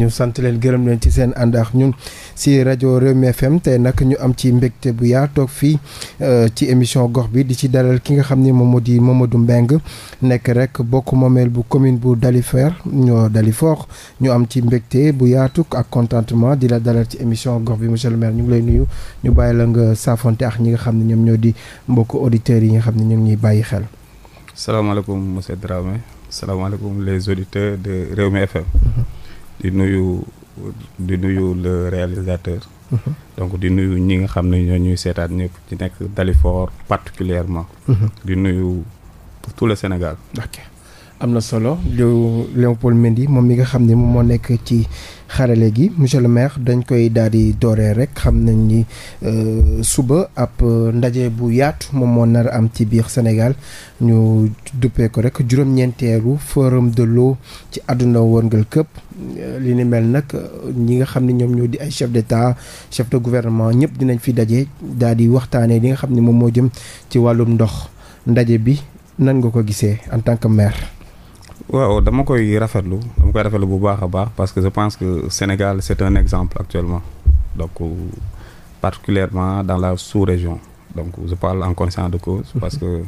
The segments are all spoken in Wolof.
ñu sant leen gërëm leen ci seen ànd ak ñun si rajo Rewmi FM tey nag ñu am ci mbégte bu yaa toog fii euh, ci émission gox bi di ci dalal ki nga xam ni moom moo di Mamadou Mbengue nekk rek bokk moomeel bu commune bu Dalifort ñoo Dalifort ñu am ci mbégte bu yaatu ak contentement di la dalal ci émission gox bi monsieur le maire ñu ngi lay nuyu ñu bàyyi la nga saafonte ak ñi nga xam ne ñoom ñoo di mbokk auditeurs yi nga xam ne ñoom ñuy bàyyi xel. salaamaaleykum monsieur Dramé salaamaaleykum les auditeurs de Rewmi FM. Mm-hmm. di nuyu di nuyu le réalisateur. Mm-hmm. donc di nuyu ñi nga xam ne ñoo ñuy seetaan ñëpp ci nekk Dalifort particulièrement mm-hmm. di nuyu tout le Sénégal. am na solo Léopold Mendy moom mi nga xam ne moom moo nekk ci xarale gi monsieur le maire dañ koy daal di dooree rek xam nañ ni euh, suba ab euh, ndaje bu yaatu moom moo nar am ci biir Sénégal ñu duppee ko rek juróom-ñeenteelu forum de ci àdduna wërngal këpp euh, li ni mel nag ñi nga xam ne ñoom ñoo di ay chef d'état chef de guvernement ñëpp dinañ fi daje daal di waxtaanee li nga xam ni moom moo jëm ci wàllum ndox ndaje bi nan nga ko gisee en tant que maire. waaw dama koy rafetlu dama koy rafetlu bu baax a baax parce que je pense que Sénégal c'est un exemple actuellement donc euh, particulièrement dans la sous-région donc je parle en conscience de cause parce que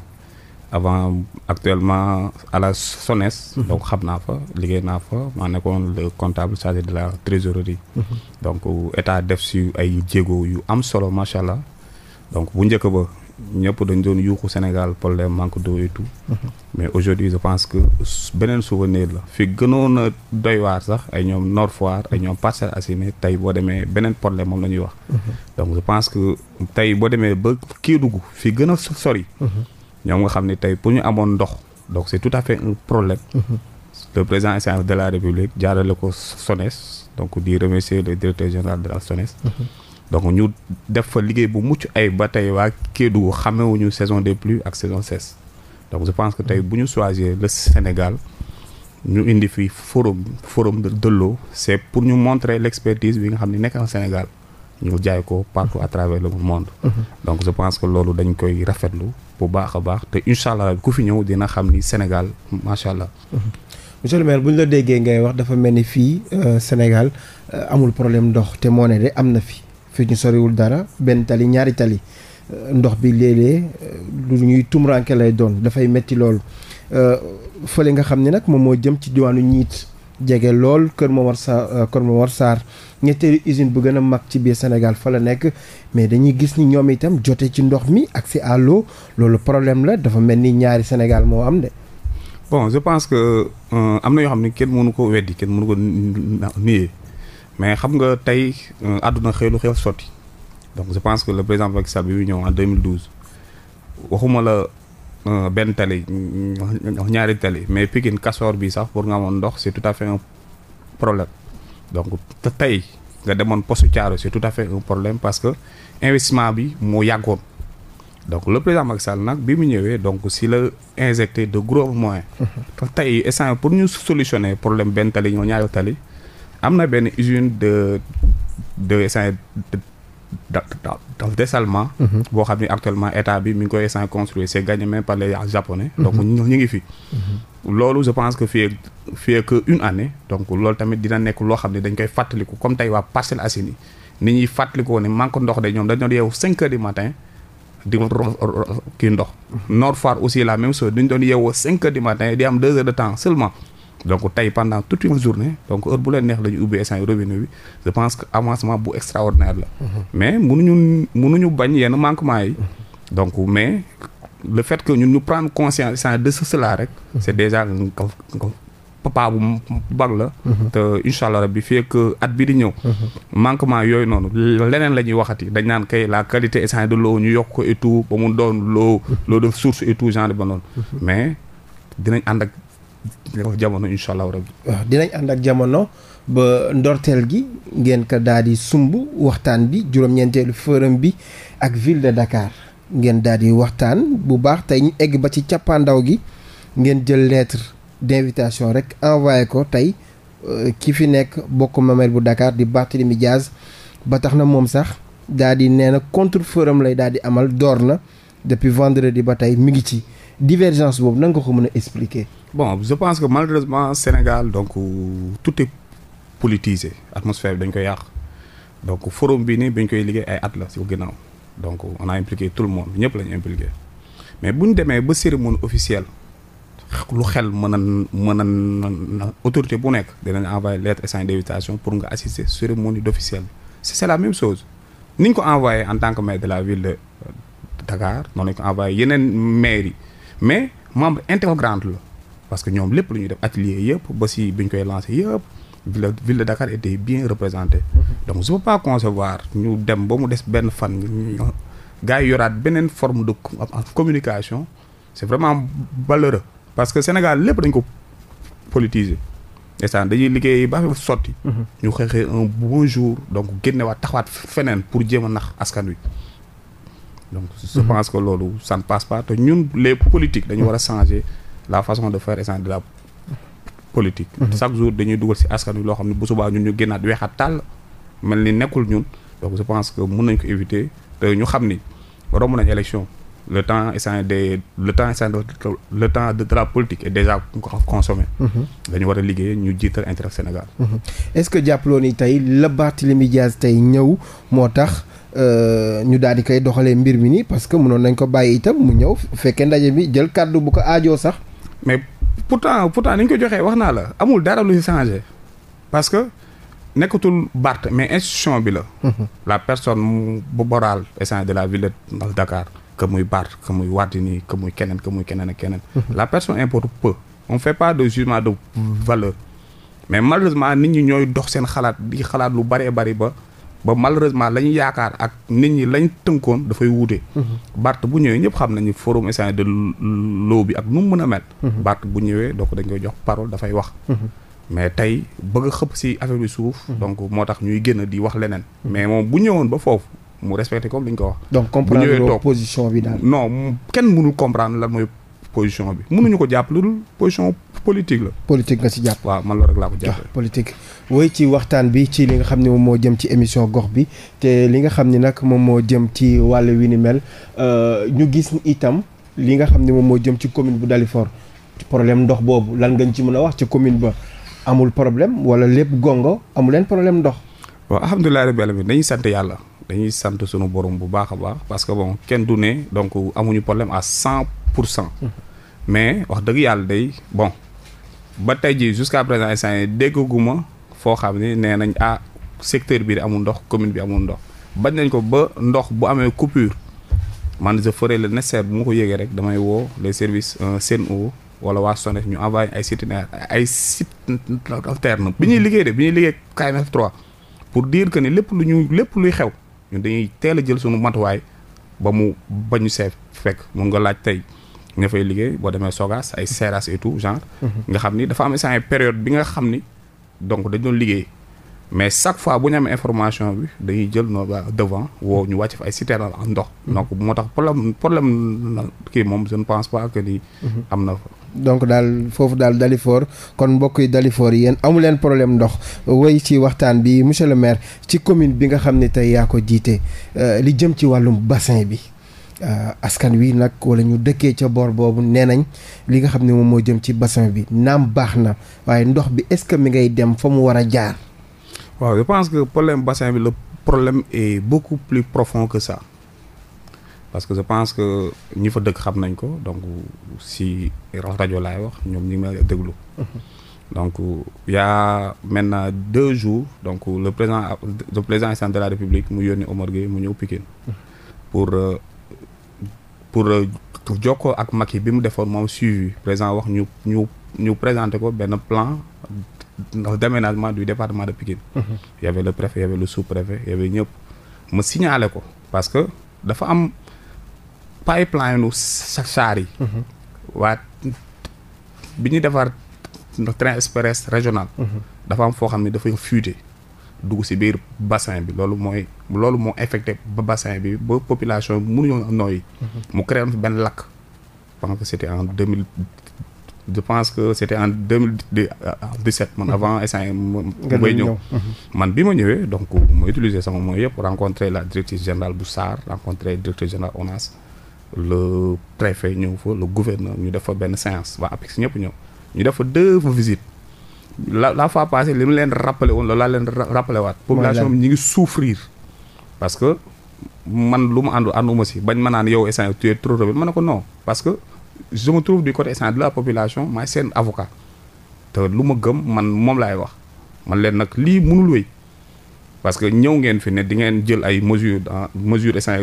avant actuellement à la SONES e donc xam naa fa liggéey naa fa ma nekkoon le comptable chargé de la trésorerie mhm. donc euh, état def si ay jéego yu am solo macha allah donc bu njëkk ba ñëpp dañ doon yuuxu Sénégal problème manque d'eau et tout mm-hmm. mais aujourd'hui je pense que beneen souvenir la fi gënoon a doy waar sax ay ñoom Nord Foire ay ñoom Parcelles Assainies tey boo demee beneen problème moom la ñuy wax mm-hmm. donc je pense que tey boo demee ba Kédougou fi gën a sori mm-hmm. ñoom nga xam ne tey pour ñu amoon ndox donc c'est tout à fait un problème le président de la République jaarale ko SONES donc di remercier le directeur général de la SONES donc ñu def fa liggéey bu mucc ay ba tey waa Kédougou xamewuñu saison des plus ak saison ces donc je pense que tey bu ñu choiser le Sénégal ñu indi fi forum forum de l'eau c'est pour ñu montrer l'expertise bi nga xam ni nekk en Sénégal ñu jaay ko partout à travers le monde mhm. donc je pense que loolu dañ koy rafetlu bu baax a baax te incha allah ku fi ñëw dina xam ni Sénégal macha allah mhm. monsieur le maire bu ñu la déggee ngay wax dafa mel ni fii euh, Sénégal euh, amul problème ndox te moo ne de am na fi fi ñu soriwul dara benn tali ñaari tali euh, ndox bi léeg-léeg euh, lu ñuy tumranke lay doon dafay metti lool euh, fële nga xam ni nag moom moo jëm ci diwaanu ñiit jege lool Kër Momar Sarr Kër Momar Sarr ñetteelu usine bu gën a mag ci biir Sénégal fa la nekk mais dañuy gis ni ñoom itam jote ci ndox mi ak à l'eau loolu problème la dafa mel ni ñaari Sénégal moo am de. bon je pense que am na yoo xam ne kenn mënu ko weddi kenn mënu ko nuyee mais xam nga tey euh, àdduna xëy lu xew sotti donc je pense que le président Macky Sall bi ñëw en 2012 waxuma la euh, benn tali ñaari tali mais Pikine Kasoor bi sax pour nga amoon ndox c'est tout à fait un donc te tey nga demoon poste Thiaroye c'est à fait un problème parce que investissement bi moo yàggoon donc le président Macky Sall nag bi mu ñëwee donc si la injecté de gros moyens. te tey instant pour ñu solutionner problème benn tali ñoo ñaari tali. am na benn usine de de essence de dessalement mhm. boo xam ne actuellement état bi mi ngi koy essence construire c' est gagné même par les japonais mhm. donc ñu ngi fi mhm. loolu je pense que fi fii que une année donc loolu tamit dina nekk loo xam ne dañ koy fàttaliku comme tey waa Parcelles Assainies ni ñuy fàttalikoo ne manque ndox de ñoom dañoo yeewu cinq heures kii ndox Nord Foire aussi la même chose dañ doon yeewoo cinq heures du matin di am deux heures de temps seulement donc tey pendant toute une journée donc heure bu leen neex la ñu ubbi essence robinet bi je pense que avancement bu extraordinaire la. Mhm. mais mënuñu mënuñu bañ yenn manquement yi. Mhm. donc mais le fait que ñun ñu prendre conscience de cela rek. Mhm. c'est déjà papa bu bag la. te incha allah rabbi fii ak at bi di ñëw. manquement yooyu noonu leneen la ñuy waxati dañ naan kay la qualité essence de loo ñu yokk ko ba mu doon loo l'eau de source et tout genre ba noonu mais dinañ ànd jamono incha allahu dinañ ànd ak jamono ba ndorteel gi ngeen ko daal di sumb waxtaan bi juróom-ñeenteelu forum bi ak ville de Dakar ngeen daal di waxtaan bu baax tey ñu egg ba ci cappaandaw gi ngeen jël lettre d'invitation rek envoyé ko tey euh, ki fi nekk bokk mamel bu dakaar di Barthélémy Diaz ba tax na moom sax daal di nee na contre forum lay daal di amal door na depuis vendredi ba tey mi ngi ci divergence boobu nan ko ko mën a expliquer bon je pense que malheureusement Sénégal donc euh, tout est politisé atmosphère bi dañ koy yàq donc forum bi nii bi ñu koy liggéey ay at la si ginnaaw donc on a impliqué tout le monde ñëpp la ñu impliqué mais bu ñu demee ba cérémonie officielle lu xel mën a mën a na autorité bu nekk dinañ envoyé lettre et sign d'invitation pour nga assister cérémonie d'officielle c'est c'est la même chose niñ ko envoyé en tant que maire de la ville de euh, Dakar noonu lañ ko envoyé yeneen maire yi mais membre intégrante la parce que ñoom lépp lu ñuy def atelier yëpp ba si bi koy lancé yëpp ville ville de Dakar était bien représentée mhm. donc je peux pas concevoir ñu dem ba mu des benn fan gars yi yoraat beneen forme de communication c'est vraiment malheureux parce que Sénégal lépp dañ ko politiser instant dañuy liggéey ba sotti mhm. ñu xeexee un bon jour donc génnewaat taxawaat feneen pour jéem a nax askan wi donc je mhm. pense que loolu ça ne passe ñun les politiques dañu war a changer la façon de faire est de la politique. Mhm. chaque jour dañuy dugal si askan wi loo xam ne bu subaa ñun ñu génnaat weexaat tàll mel ni nekkul ñun donc je pense que mun nañ ko éviter te ñu xam ni romb nañ le temps est des le temps est le temps de la politique est déjà consommé. Mhm. dañu war a liggéey ñu jiital intérêt Sénégal. Mhm. est-ce que jàppaloo ni tey la Barthélémy Diaz tey ñëw moo tax. Euh, ñu daal di koy doxalee mbir mi nii parce que mënoon nañ ko bàyyi itam mu ñëw fekkee ndaje bi jël kàddu bu ko aajoo sax mais pourtant pourtant ni ñu ko joxee wax naa la amul dara lu si changé parce que nekkatul Barth mais institution bi la. Mhm. la personne bu morale essence de la ville de Dakar. que muy Barth que muy Wardini que muy keneen que muy keneen ak keneen. Mhm. la personne importe peu. on fait pas de jugement de valeur mais malheureusement nit ñi ñooy dox seen xalaat di xalaat lu baree bari ba. ba malheureusement la ñu yaakaar ak nit ñi lañ tënkoon dafay wuute. Bart bu ñëwee ñëpp xam nañu forum échange de l'eau bi ak nu mu mën a mel. Mhm. Bart bu ñëwee donc dañ koy jox parole dafay wax. Mhm. mais tey bëgg xëpp si affaire bi suuf. Mhm. donc moo tax ñuy génn di wax leneen. mais moom bu ñëwoon ba foofu. mu respecté comme li ñu ko wax. donc comprendre position bi daal. non kenn mënul comprendre la mooy position bi mënuñu ko jàpp lu dul position politique la. politique nga ci jàpp. waaw man la rek laa ko jàppee. politique woy ci waxtaan bi ci li nga xam ne moom moo jëm ci émission gox bi te li nga xam ne nag moom moo jëm ci wàll wi ni mel euh, ñu gis itam li nga xam ne moom moo jëm ci commune bu Dalifort ci problème ndox boobu lan nga ci mën a wax ci commune ba amul problème wala lépp gongo amu leen problème ndox. waaw alhamdulilah rabbil alamin dañuy sant yàlla. dañuy sant sunu borom bu baax a baax parce que bon kenn du ne donc amuñu problème à cent pour cent mais wax dëgg yàlla dey bon ba tey ji jusqu'à présent instant yi déggaguma foo xam ne nee nañ ah secteur bi amul ndox commune bi amul ndox bañ nañ ko ba ndox bu amee coupure man je ferai le nécessaire bu ma ko yëgee rek damay woo les services euh, Sen'Eau wala waa SONES ñu envoyé ay sites ay sites alternes bi ñuy liggéey de bi ñuy liggéey KMF 3 pour dire que ni lépp lu ñu lépp luy xew ñu dañuy teel a jël suñu matuwaay ba mu bañu see fekk mun nga laaj tey nga fay liggéey boo demee Sogas ay Seras et tout genre. Mhm. nga xam ni dafa am instant période bi nga xam ni donc dañ liggéey. mais chaque fois bu ñu amee information bi dañuy jël no devant woo ñu wàcc fa ay citerne ak ndox. Mhm. donc moo tax problème problème kii moom je ne pense pas que ni. Mhm. am na donc daal foofu daal Dalifort kon mbokk yi Dalifort yéen amu leen problème ndox wéy ci waxtaan bi monsieur le maire ci commune bi nga xam ne tey yaa ko jiite euh, li jëm ci wàllum bassin bi euh, askan wi nag wala ñu dëkkee ca boor boobu nee nañ li nga xam ne moom moo jëm ci bassin bi naam baax na waaye ndox bi est-ce que mi ngay dem fa mu war a jaar. waaw je pense que problème bassin bi le problème est beaucoup plus profond que ça. parce que je que ñi fa dëkk xam nañ ko donc si rajo laay wax ñoom ñi ngi may déglu. Mhm. donc y a maintenant deux jours donc le président le président de la république mu yónni Omar Gueye mu ñëw pikin mhm. pour euh, euh, pour jokkoo ak yi bi mu defoon moom suivi président wax ñu ñu ñu présenté ko benn plan d'aménagement du département de Pikine mhm. y avait le préfet y le sous-préfet y ñëpp ma signalé ko parce que dafa am pipeline u saar yi mhm. waa bi ñuy defar train express régional mhm. dafa am foo xam ne dafay fuité dugg si biir bassin bi loolu mooy loolu moo infecte ba bassin bi ba population mu mënuñoo nooyi mhm. mu créé benn lakk parce que c'était en deux mille je pense que c'était en deux mille dix-sept man avant essane ñëw man bi ma ñëwee donc ma utiliser sama moyen yëpp rencontrer la directrice générale bu SAR rencontrer directeur général ONAS le préfet ñëw fa le gouverneur ñu def fa benn séance waa APEX ñëpp ñëw ñu def fa deux visites la la fois passée li ma leen rappelé woon loolu laa leen rappelé waat. population bi ñu ngi souffrir. parce que man lu mu àndu ànduma si bañ ma naan yow instant tu es trop rebelle ma ne ko no parce que je me trouve du côté instant de la population maay seen avocat te lu ma gëm man moom laay wax man leen nag lii mënul wéy parce que ñëw ngeen fi ne di ngeen jël ay mesures ah, mesures instant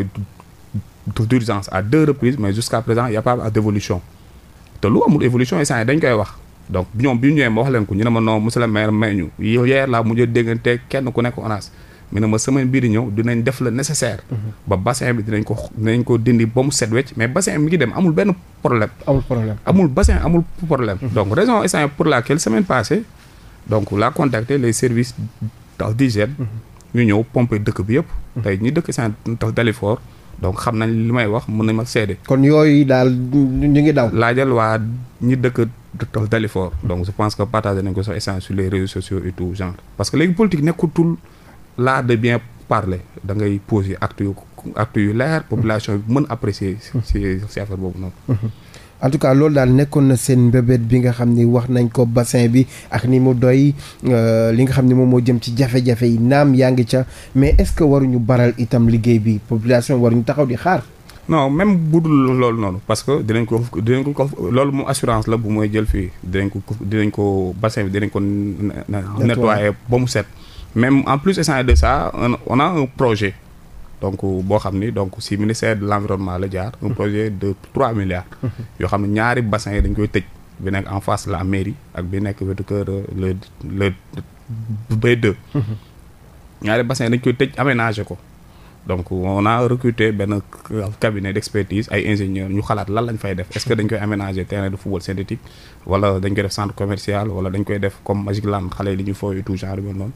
d'urgence à deux reprises mais jusqu'à présent y a pas d'évolution te lu amul évolution instant yi dañ koy wax donc ñoom bi ñu ñëwee ma wax leen ko ñu ne ma non monsieur le ñu hier laa mujjee déggante kenn ku nekk ONAS mu ne ma semaine bii di ñëw dinañ def le nécessaire. Mhm. ba bassin bi dinañ ko dinañ ko dindi ba mu set wecc mais bassin bi mi ngi dem amul benn problème. amul problème amul bassin amul problème. Mhm. donc raison instant pour laquelle semaine passée mhm. yëpp. tey ñi dëkk instant donc xam nañ li may wax mën nañ ma seede. kon yooyu daal ñu ngi daw. laajal waa ñi dëkk Dalifort. donc je pense que partagé nañ ko sax échange sur les réseaux sociaux et tout genre. parce que léegi politique nekkutul l'art de bien parler da ngay poser acte yu actu yu leer population bi mën apprécier. si si affaire boobu noonu. Mhm. en tout cas loolu daal nekkoon na seen mbébét bi nga xam ni wax nañ ko bassin bi ak ni mu doy euh, li nga xam ni moom moo jëm ci jafe-jafe yi naam yaa ngi ca mais est-ce que waruñu baral itam liggéey bi population waruñu taxaw di xaar. non même bu dul loolu noonu parce que dinañ ko dinañ ko loolu mu assurance la bu mooy jël fii dinañ ko dinañ ko bassin bi dinañ ko nettoyer ba mu set. même en plus de ça on a un projet donc boo xam ni donc si ministère de l' environnement la jaar. un projet de trois milliards. yoo xam ne ñaari bassin yi dañ koy tëj. bi nekk en face la mairie ak bi nekk wetu kër euh, le le b mhm. ñaari bassin yi dañ koy tëj aménagé ko. donc on a recruté benn cabinet d'expertise ay ingénieurs ñu xalaat lan lañ fay def est-ce que dañ koy aménager terrain de football synthétique wala dañ koy def centre commercial wala dañ koy def comme Magic Land xale yi li ñu fooy tout genre bon noonu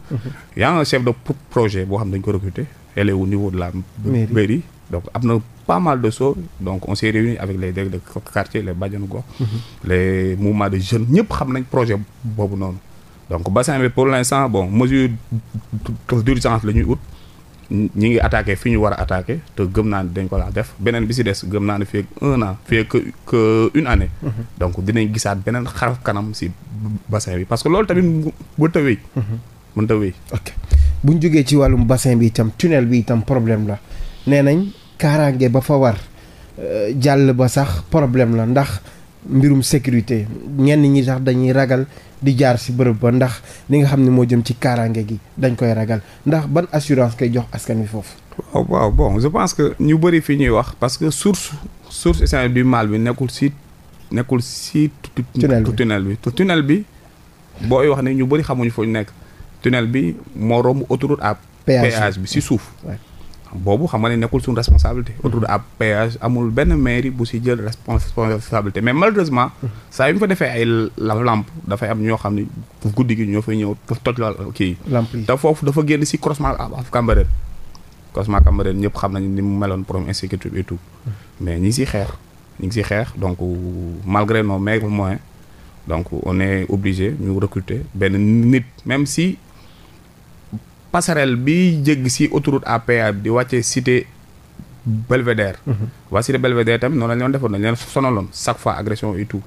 y a chef de projet boo xam dañ ko recruter elle est au niveau de la mairie donc am na pas mal de choses donc on s'est réunis avec les délégués de quartier les bajenu gox les mouvements de jeunes ñëpp xam nañ projet boobu noonu donc bassin bi pour l'instant bon mesure d'urgence la ñuy ut ñi ngi attaqué fi ñu war a attaqué te gëm naa ne dañ ko laa def beneen bi si des gëm naa ne fii un an fii que une année. Mhm. donc dinañ gisaat beneen xaraf kanam si bassin bi parce que loolu tamit mënut a wéy. Mhm. mënut a wéy. ok bu ñu jógee ci wàllum bassin bi itam tunnel bi itam problème la nee nañ kaaraange ba fa war euh, jàll ba sax problème la ndax. mbirum sécurité ñenn ñi sax dañuy ragal di jaar ci bërëb ba ndax ni nga xam ne moo jëm ci kaaraange gi dañ koy ragal ndax ban assurance koy jox askan wi foofu. waaw bon je pense que ñu bëri fi ñuy wax parce que source source essentielle du mal bi nekkul ci nekkul ci. tunnel bi tunnel bi tunnel bi booy wax ne ñu bëri xamuñu foo ñu nekk tunnel bi moo romb autoroute à péage bi ci suuf. boobu xam nga ne nekkul suñu responsabilité mm. autour à péage amul benn mairie bu si jël responsabilité mais malheureusement mm. saa yu ñu fa defee ay lamp dafay am ñoo xam ne guddi gi ñoo fay ñëw toj la kii te foofu dafa génn si croisement af Cambérène croisement Cambérène ñëpp xam nañu ni mu meloon problème insécurité et tout mm. mais ñi ngi si xeex ñi ngi si xeex donc euh, malgré nos mais moyens donc on est obligé ñu recruter benn nit même si passerelle bi jégg si autoroute à péage di wàccee cité Belvédère mhm. waa cité Belvédère tamit noonu la leen defoon dañ leen sonaloon chaque fois agression et tout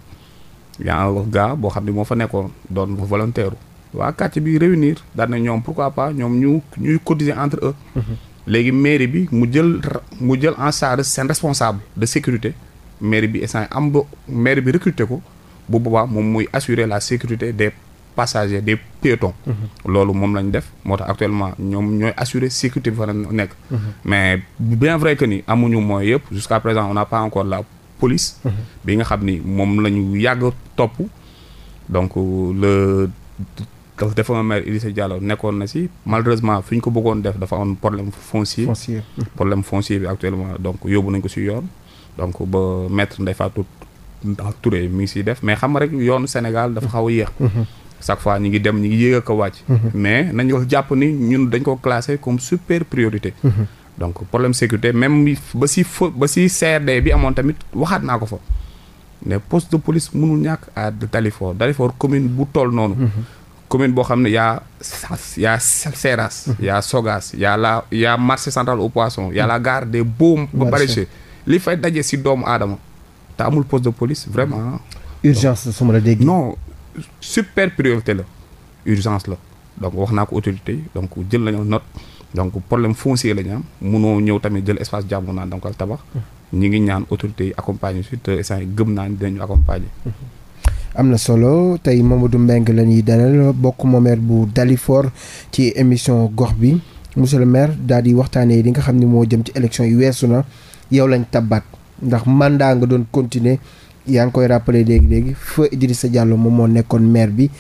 yaa a boo xam ne moo fa nekkoon doon volontaire waa quartier bi réunir daan na ñoom pourquoi pas ñoom ñu ñuy cotiser entre eux mhm. léegi mairie bi mu jël mu jël en charge seen responsable de sécurité mairie bi instant am ba mairie bi recruter ko bu boobaa moom muy assurer la sécurité des passagers des piétons. Mhm. loolu moom lañ def moo tax actuellement ñoom ñooy assurer sécurité bi fa nekk. Mhm. mais bien vrai que ni amuñu moyens yëpp jusqu'à présent on n'a pas encore la police. Mhm. bi nga xam ni moom lañu ñu yàgg topp donc euh, le. dafa defoon maire Idrissa Diallo nekkoon na si malheureusement fi ñu ko bëggoon def dafa on problème foncier. foncier problème foncier bi actuellement donc yóbbu nañ ko si yoon. donc ba maître Ndeye Fatou Touré mi ngi siy def mais xam nga rek yoonu Sénégal dafa xaw a chaque fois ñu ngi dem ñu ngi yéeg ko wàcc. Mhm. mais nañ ko jàpp ni ñun dañ ko classé comme super priorité. Mhm. donc problème sécurité même ba si fa ba si CRD bi amoon tamit waxaat naa ko fa. mais poste de police mënul ñàkk a Dalifort Dalifort commune bu toll noonu. Mhm. commune boo xam ne yaa yaa Seras. yaa Sogas yaa la yaa marché central au poisson yaa la gare des Baux Maraîchers li fay daje si doomu aadama te amul poste de police vraiment. urgence suma la dégg. non super priorité la urgence la donc wax naa ko autorité yi donc jël nañu note donc problème foncier la ñu am munoo ñëw tamit jël espace jàmm naan da tabax. Mm-hmm. ñi ngi ñaan autorités yi accompagner si te instant yi gëm naa ne dinañu accompagner. Mm-hmm. am na solo tey Mamadou Mbengue la ñuy dalal bokk moomeer bu Dalifort ci émission gox bi monsieur le maire daal di waxtaanee li nga xam ne moo jëm ci élection yi weesu na yow lañ tabaat ndax mandat nga doon continuer. yaa ngi koy rappelé léegi-léegi feu sa Diallo moom moo nekkoon maire bi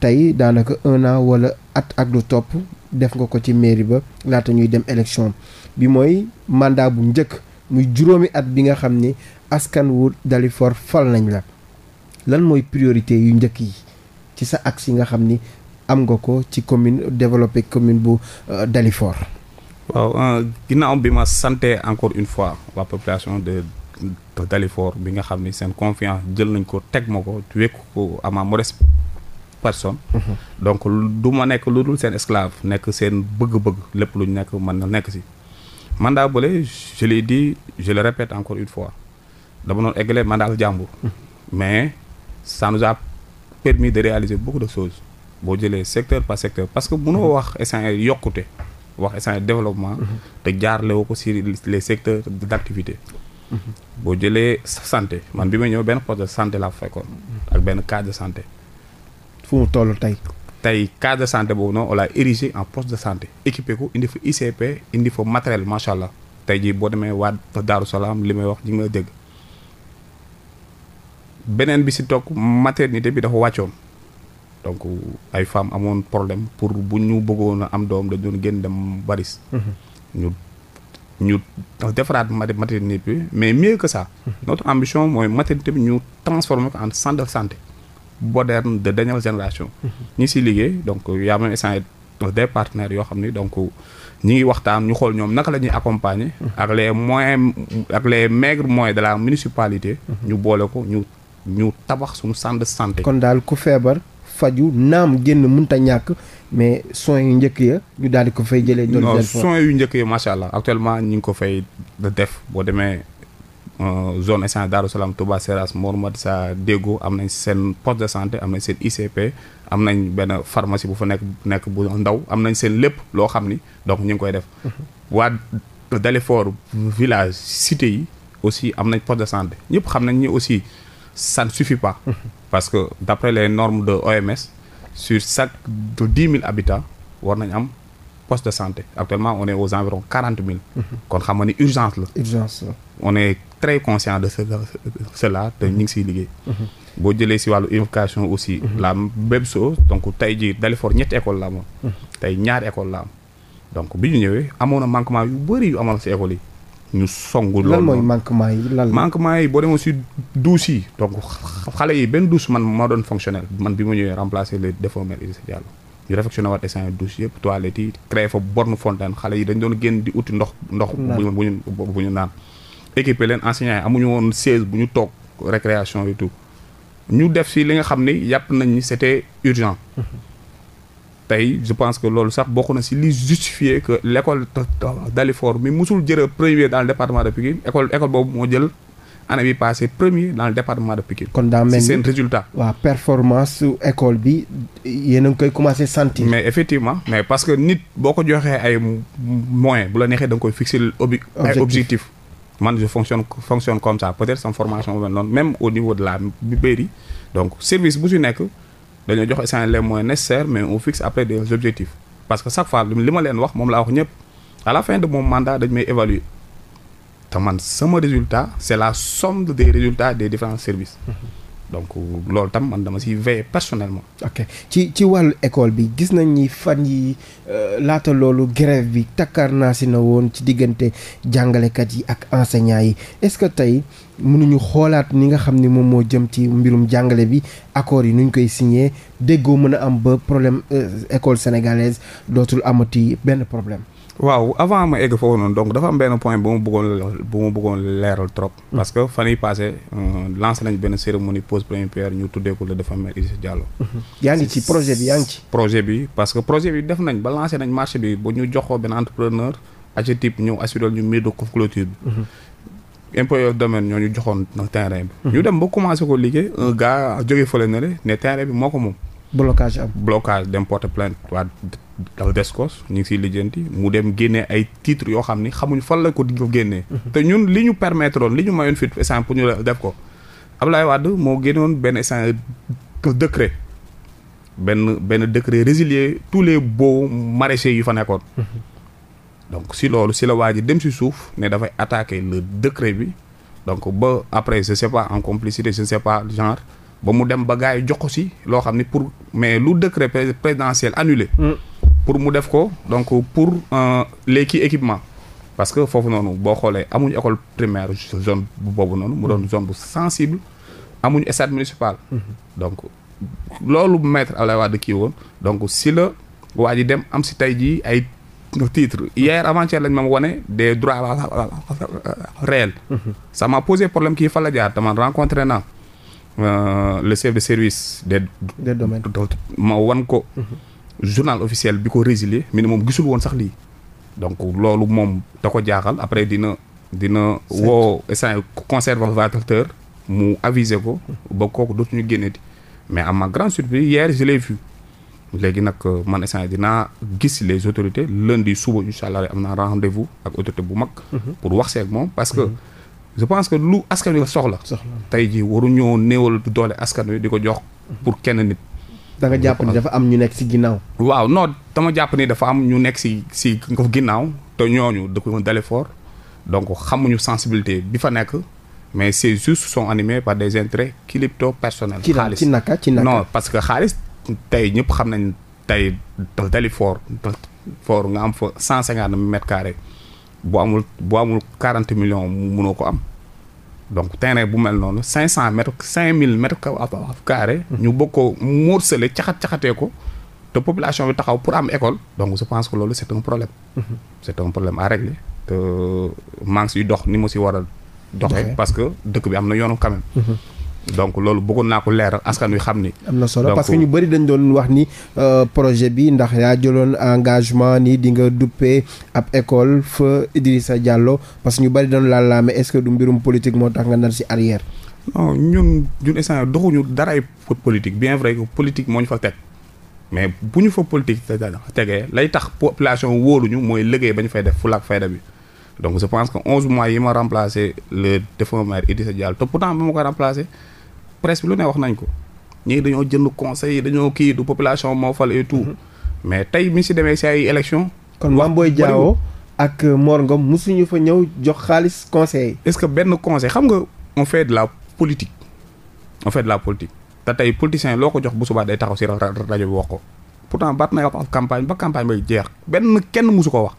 tey daanaka un an wala at ak lu topp def nga ko ci mairie ba laata ñuy dem élection bi mooy mandat bu njëkk muy juróomi at bi nga xam ni askan wu Dalifort fal nañ la lan mooy priorité yu njëkk yi ci sa axe yi nga xam ni am nga ko ci commune développé commune bu euh, Dalifort waaw euh, ginnaaw bi ma santé encore une fois la population de Dali Fort bi nga xam ni seen confiance jël nañ ko teg ma ko wékk ko à ma modeste personne. Mhm. donc du ma nekk lu dul seen esclave nekk seen bëgg-bëgg lépp luñ nekk mën na nekk si. mandat bële je l'ai dit je le répète encore une fois dama doon man mandat jàmbur. Mhm. mais ça nous a permis de réaliser beaucoup de choses boo jëlee secteur par secteur parce que munoo mhm. wax essence yokkute wax essence développement. te jaarale woo ko si les secteurs d' activité. boo jëlee santé man bi ma ñëw benn poste de santé laa fekkoon ak benn cas de santé fu mu toll tey tey cas de santé boobu noonu on l'a en poste de santé équipé ko indi fa ICP indi fa matériel macha allah tey jii boo demee waa Daaru Salaam li may wax ñu may dégg beneen bi si toog maternité bi dafa wàccoon donc ay femmes amoon problème pour bu ñu bëggoon a am doom dañu doon génn dem baris mhm. ñu ñu defaraat maternité bi mais mieux que ça. Hmm. notre ambition mooy maternité bi ñu transformer ko en centre de santé moderne de dernière génération. Hmm. ñi siy liggéey donc y' a même des partenaires yoo xam ni donc ñi ngi waxtaan ñu xool ñoom naka la ñuy accompagner. Hmm. ak les moyens ak les maigres moyens de la municipalité. ñu boole ko ñu ñu tabax suñu centre santé. kon daal ku feebar faju naam génn mënta ñàkk. mais soins yu njëkk ya ñu daal di ko fay jëlee. non soins yu njëkk ya macha allah actuellement ñu ngi ko fay def boo demee euh, zone essence Darou Salaam Touba Seras Mor sa Déggo am nañ seen poste de santé am nañ seen ICP am nañ benn pharmacie bu fa nekk nekk bu ndaw am nañ seen lépp loo xam ni donc ñu ngi koy def. Mhm. waa foor village cité yi aussi am nañ poste de santé ñëpp xam nañ ni aussi ça ne suffit pas. Mhm. parce que d'après les normes de OMS. su chaque de dix mille habitants war nañ am poste de santé actuellement on est aux environs quarante mille. Mhm. kon xam nga ni urgence la. urgence la on est très conscient de ce te ñu ngi siy liggéey. Mhm. boo jëlee si wàllu éducation aussi. Mhm. la même chose donc tey ji Dalifort ñetti école la amoon. tey ñaari école la am donc bi ñu ñëwee amoon na manquement yu bëri yu amoon si école yi. ñu song loolu lan mooy manquement yi lan manquement yi boo demoon si douche yi donc xale yi benn douche man moo doon fonctionnel man bi ma ñëwee remplacer les défauts mel Idrissa Diallo ñu réfectionné waat essence douche yëpp toilettes yi créé fa borne fontaine xale yi dañ doon génn di uti ndox ndox bu ñu bu ñu naan équipé leen enseignants yi amuñu woon siège bu ñu toog récréation yi tout ñu def si li nga xam ne yàpp nañ ni c'était urgent tey je pense que loolu sax bokk na si li justifier que l' école Dalifort mi musul jël premier dans le département de Pikine école boobu moo jël année bi passé premier dans le département de Pikine. kon daa mel ni seen résultat. waaw performance su école bi yéen a ngi koy commencé sentir. mais effectivement mais parce que nit boo ko joxee ay moyens bu la neexee da nga koy fixer obi. ay objectif man je fonctionne fonctionne comme ça peut-être sama formation noonu même au niveau de la mairie dañoo jox essence les moyens nécessaires mais on fixe après des objectifs parce que chaque fois li ma leen wax moom laa wax ñëpp à la fin de mon mandat dañ may évaluer te man sama résultat c'est la somme des résultats des différents services mm-hmm. donc loolu tam man dama si veiller personnellement ok ci ci wàllu école bi gis nañ ni fan yi euh, laata loolu grève bi takkaar naa si na woon ci diggante jàngalekat yi ak enseignants yi est-ce que tey mënuñu xoolaat ni nga xam ni moom moo jëm ci mbirum jàngale bi accords yi nu ñu koy siñee déggoo mën a am ba problème euh, école sénégalaise dootul amati benn problème. waaw avant ma egg foofu noonu donc dafa am benn point bu ma bëggoon bu ma bëggoon leeral trop. Hmm. parce que fan yii passé euh, lancé nañ benn cérémonie pose première pierre ñu tuddee ko la dafa mel Idrissa Diallo. Hmm. yaa ngi ci projet bi yaa ngi ci. projet bi parce que projet bi def nañ ba lancé nañ marché bi ba ñu jox ko benn entrepreneur. HTIP ñëw assuré ñu mur de clôture bi. Hmm. employeur domaine ñoo ñu joxoon na terrain bi. Mhm. ñu dem ba commencé ko liggéey un gars jóge fële na le ne terrain bi moo ko moom. blocage am blocage dem porter plainte waa dal descos ñu ngi siy mu dem génnee ay titres yoo xam ni xamuñ fan la ko di ko génnee. Mhm. te ñun li ñu permettre li ñu mayoon fit essence pour ñu def ko Ablaye Wade moo génnewoon benn essence décret benn benn décret résilier tous les baux maraîchers yi fa nekkoon. Mhm. donc si loolu si la waa ji dem si suuf ne dafay attaquer le décret bi donc ba après je sais pas en complicité je sais pas genre ba mu dem ba gars yi jox ko si loo xam ni pour mais lu décret présidentiel annulé. Mm. pour mu def ko donc pour euh, les kii équipement parce que foofu noonu boo xoolee amuñu école primaire zone boobu noonu mu doon mm. zone bu sensible amuñu stade municipal mm-hmm. donc loolu maître Abdoulaye Wade kii woon donc si la waa ji dem am si tey jii ay titre hier avant-hier lañ ma wone des droits réels mhm. ça m'a posé problème kii fa la jaar dama rencontré naa euh, le chef de service des des domaines ma wan ko mhm. journal officiel bi ko résilier mi moom gisul woon sax lii donc loolu moom da ko jaaxal après dina dina woo san conservateur mu aviser ko mhm. ba kooku dootuñu génne di mais am ma grande surprise hier je léegi nag euh, man instant dinaa gis les autorités lundi suba incha allah am na rendez-vous ak autorité bu mag. Mhm. pour wax seek moom parce que. Mhm. je pense que lu askan wi soxla. soxla tey jii waruñoo néewal doole askan wi di ko jox. pour kenn nit. da nga jàpp ni dafa am ñu nekk si ginnaaw. waaw non dama jàpp ni dafa am ñu nekk si si ginnaaw te ñooñu da ko dale fort donc xamuñu sensibilité bi fa nekk. mais ces justes sont animés par des intérêts crypto personnels. xaalis ci naka ci naka non parce que xaalis. tey ñëpp xam nañ tey tali fort fort nga am fa cent cinquante mètres carrés bu amul boo amul quarante million millions munoo ko am donc terrain bu mel noonu cinq cent mètres cinq mille mètres carrés ñu bëgg ko morcelé caxat caxatee ko te population bi taxaw pour am école donc je pense ko loolu c' est un problème c' est un problème à régler te manques yu dox ni mu si war a doxee parce que dëkk bi am na yoonu quand donc loolu bëggoon naa ko leeral askan wi xam ni. am na solo parce que ñu bëri dañ doon wax ni euh, projet bi ndax yaa jëloon engagement nii di nga duppee ab école fa sa Diallo parce que ñu bëri doon laal laame est-ce que du mbirum politique moo tax nga nar si arrière. non ñun ñun instant doxuñu dara ay politique bien vrai que politique moo ñu fa teg mais bu ñu fa politique tegee lay tax population wóoluñu mooy liggéey ba ñu fay def ak fayda bi. donc je pense que onze mois yi ma remplacé le défunt maire Idrissa Diallo ko remplacé. presse bi lu ne wax nañ ko ñii dañoo jënd conseil dañoo kii du population moo fal et mm-hmm. mais tey mi si demee si ay élection kon Mame Boye jaawoo ak Mor Ngom ñu fa ñëw jox xaalis conseil est-ce que benn conseil xam nga on fait de la politique on fait de la politique te tey politicien loo ko jox bu subaa day taxaw si rajo bi wax ko pourtant baat na wax campagne ba campagne bay jeex benn kenn musu ko wax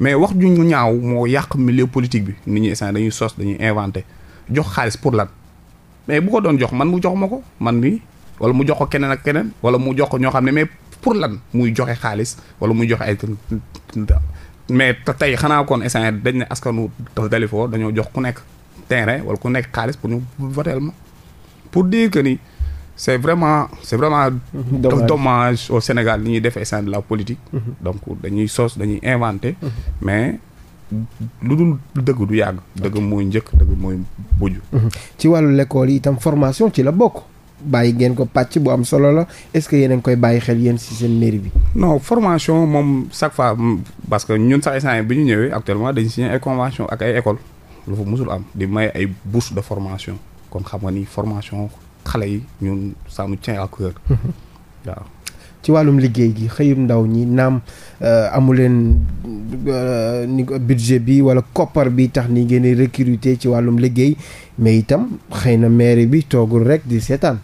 mais wax ju ñu ñaaw moo yàq milieu politique bi nit ñi instant dañuy sos dañuy inventé jox xaalis pour lan mais bu ko doon jox man mu jox ma ko man mi wala mu jox ko keneen ak keneen wala mu jox ko ñoo xam ne mais pour lan muy joxe xaalis wala mu joxe ay mais tey xanaa koon instant dañ ne askanu Dalifort dañoo jox ku nekk terrain wala ku nekk xaalis pour ñu voteel ma pour dire que ni c'est vraiment c'est vraiment dommage, dommage au Sénégal li ñuy def instant de la politique mhm. donc dañuy sos dañuy inventer mhm. mais lu dul dëgg du yàgg. dëgg mooy njëkk dëgg mooy mujj. Mhm. ci wàllu lekkool yi itam formation ci la bokk. bàyyi ngeen ko pàcc bu am solo la est-ce que yéen a koy bàyyi xel yéen si seen mairie bi. non formation moom chaque fois parce que ñun sax instant bi ñu ñëwee actuellement dañu signé ay convention ak ay école lu fa musul am di may ay bourse de formation kon xam nga nii formation xale yi ñun ça nous tient mhm. waaw. ci wàllum liggéey gi xëyum ndaw ñi naam euh, amu leen euh, ni budget bi wala koppar bi tax ni ngeen di ci wàllum liggéey mais itam xëy na mairie bi toogul rek di seetaan.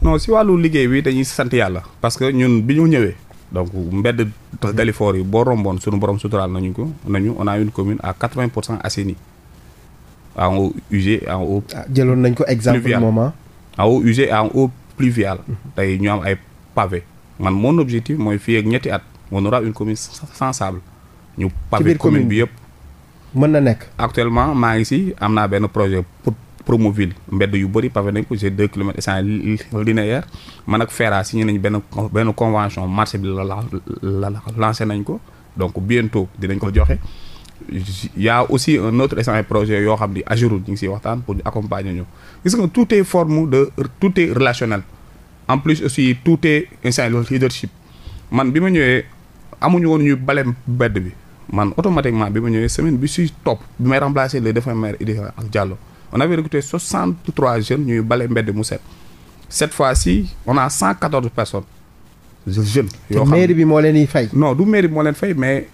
non si wàllu liggéey bi dañuy sant yàlla. parce que ñun bi ñu ñëwee. donc mbedd Dalifort yi boo romboon sunu borom suturaal nañu ko nañu on a une commune à quatre-vingts pour en eau usée en eau. Ah, jëloon nañ ko exemple moment en eau usée en eau pluviale. Mhm. tey ñu am ay pavé. man mon objectif mooy fii ñetti at on aura une commune sans sable ñu pavé commune bi yëpp mën na nekk actuellement maa ngi si am naa benn projet pour Promoville mbedd yu bëri pavé nañ ko j'ai deux kilomètres et linéaire man ak Fera signé nañ benn benn convention marché bi la la lancé nañ ko donc bientôt dinañ ko joxe y a aussi un autre essence projet yoo xam ni Ageroute ñu ngi siy waxtaan pour ñu accompagner ñu gis nga tout est forme de tout est relationnel en plus aussi tout est instant loolu leadership man bi ma ñëwee amuñu woon ñu bale bedd bi man automatiquement bi ma ñëwee semaine bi si topp bi may remplacer les défunt maire Idrissa ak Diallo on avait recruté 63 jeunes ñuy bale mbedd mu set cette fois-ci on a 114 personnes jeunes. yoo xam mairie bi moo leen di fay. non du mairie moo leen fay mais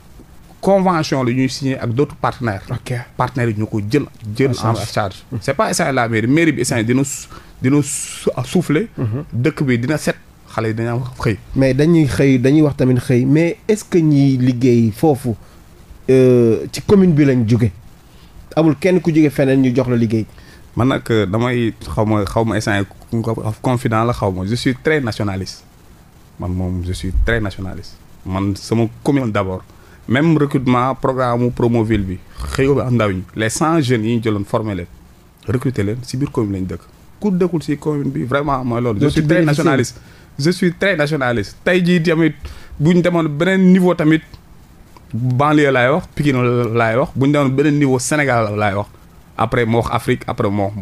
convention la ñuy signé ak d'autres partenaires. ok partenaires ñu ko jël. jël en charge c'est pas instant la mairie mairie bi instant dina dina ah, souffler. dëkk bi dina set xale yi dina xëy. mais dañuy xëy dañuy wax tamit xëy mais est-ce que ñiy liggéey foofu euh, ci commune bi lañ jóge amul kenn ku jóge feneen ñu jox la liggéey. man nag euh, damay xaw ma xaw ma instant confident la xaw ma je très nationaliste man moom je suis très nationaliste man sama commune d'abord même recrutement programme mu Promoville bi xëyoo bi am ndaw ñi les cent jeunes yi ñu jëloon formé leen recruter leen si biir commune lañ dëkk. ku dëkkul si commune vraiment mooy loolu. je suis très nationaliste. je très nationaliste tey jii tamit bu ñu demoon beneen niveau tamit banlieue laay wax Pikine laay wax bu ñu demoon beneen niveau Sénégal laay wax après moo wax Afrique après moo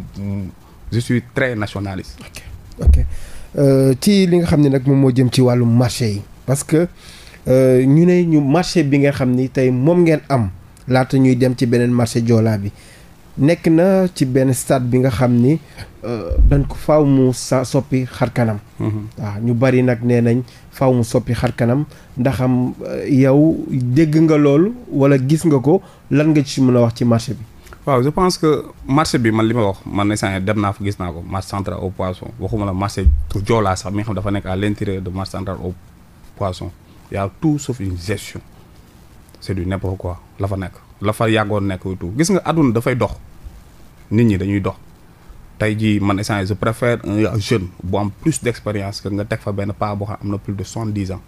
je suis très euh, ci li nga xam ne nag moom moo jëm ci wàllu marché yi parce que euh, ñu ne ñu marché bi nga xam ni tey moom ngeen am laata ñuy dem ci beneen marché joolaa bi nekk na ci benn stade bi nga xam ni. Euh, dañ ko faw mu sa soppi xar kanam. Mhm. waaw ñu bari nag nee nañ faw mu soppi xar kanam ndaxam euh, yow dégg nga loolu wala gis nga ko lan nga ci mën a wax ci marché bi. waaw je pense que marché bi man li ma wax man na sànq dem naa fa gis naa ko marché central au poisson waxuma la marché Joola sax mi nga xam dafa nekk à l'intérieur de marché central au poisson y a tout sauf une gestion c'est du n'importe quoi la fa nekk la fa yàggoon nekk tout gis nga àdduna dafay dox nit ñi dañuy dox. tey jii man échange je préfère un jeune bu am plus d' expérience nga teg fa benn paa boo xam am na plus de soixante ans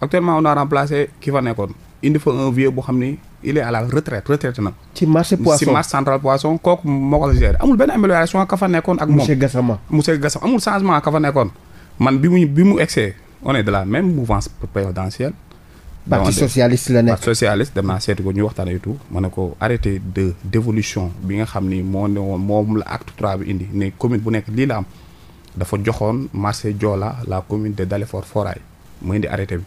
actuellement on a remplacé ki fa nekkoon indi fa un vieux boo xam ni il est à la retraite retraite na. ci marché poisson ci marché central poisson kooku moo ko géré amul ka fa nekkoon ak. moom monsieur Gassama monsieur Gassama amul changement ka fa nekkoon man bi mu bi mu egsee on est la même mouvance présidentielle parti socialiste la nekk parti socialiste dem naa ko ñu waxtaan et tout ma ne ko arrêté de dévolution bi nga xam ni moo ne woon moom la acte trois bi indi ne commune bu nekk lii la am dafa joxoon marché Joola la commune de Dalifort Foirail mu indi arrêté bi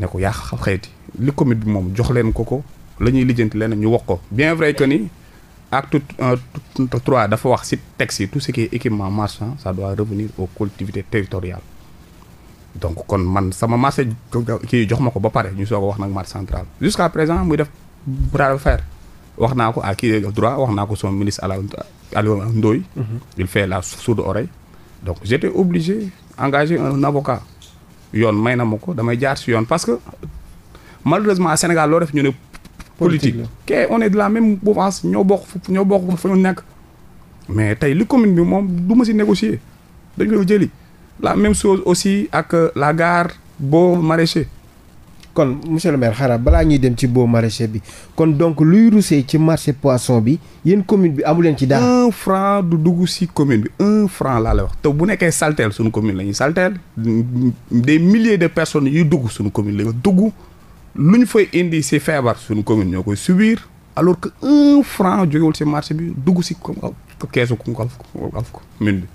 ne ko yaa xam xeeti li commune bi moom jox leen ko ko la ñuy lijjanti leen ñu wax ko bien vrai que ni acte euh, trois dafa wax ci texte yi tout ce qui équipement marchand ça doit revenir aux collectivités donc kon man sama marché kii jox ma ko ba pare ñu soo a wax nag marché central jusqu'à présent muy def bras wax naa ko à kii droit wax naa ko son ministre Ala Aliou Ndoye il fait la sourde oreille donc j'étais obligé engager un avocat yoon may na ma ko damay jaar si yoon parce que malheureusement Sénégal loo def ñu ne politique kee on est la même mouvance ñoo bokk ñoo bokk fa ñu nekk mais tey li commune bi moom du ma si négocier dañ koy jëli la même chose aussi ak euh, la gar boo maraîcher. kon monsieur le maire balaa ñuy dem ci boo maraîcher bi kon donc luy rusee ci marché poisson bi yéen commune bi amu leen ci dara. un franc du dugg si commune bi un franc laa la wax te bu nekkee salteel suñu commune la ñuy salteel des milliers de personnes yu dugg suñu commune la ñu dugg lu ñu fay indi si feebar suñu commune ñoo koy subir alors que un franc jógewul si marché bi dugg si keesu ko ko commune bi.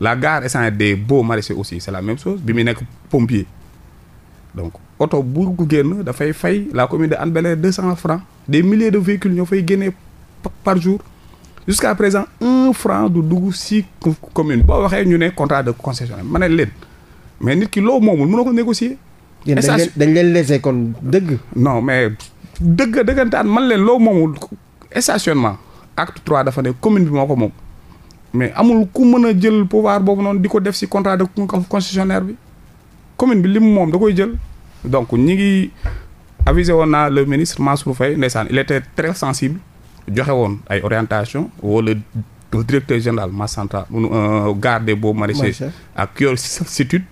la gare est des beaux maraîchers aussi c' est la même chose bi mu nekk pompier donc oto bu gu génn dafay fay la commune de Hann Bel-Air cent francs des milliers de véhicules ñoo fay génnee par jour jusqu'à présent un franc du dugg si commune boo waxee ñu ne contrat de concession man ne leen mais nit ki loo moomul mënoo ko négocier. dañ leen laissé kon dëgg. non mais dëgg dëggantaan man leen loo moomul stationnement acte trois dafa ne commune bi moo ko moom. mais amul ku mën a jël pouvoir boobu noonu di ko def ci contrat de constitutionnaire bi commune bi li moom da koy jël donc ñi ngi aviser woon naa le ministre Mansour Faye ndeysaan il était très sensible joxe woon ay orientation wala directeur général ma central euh, garde boobu maraîcher ak yor situde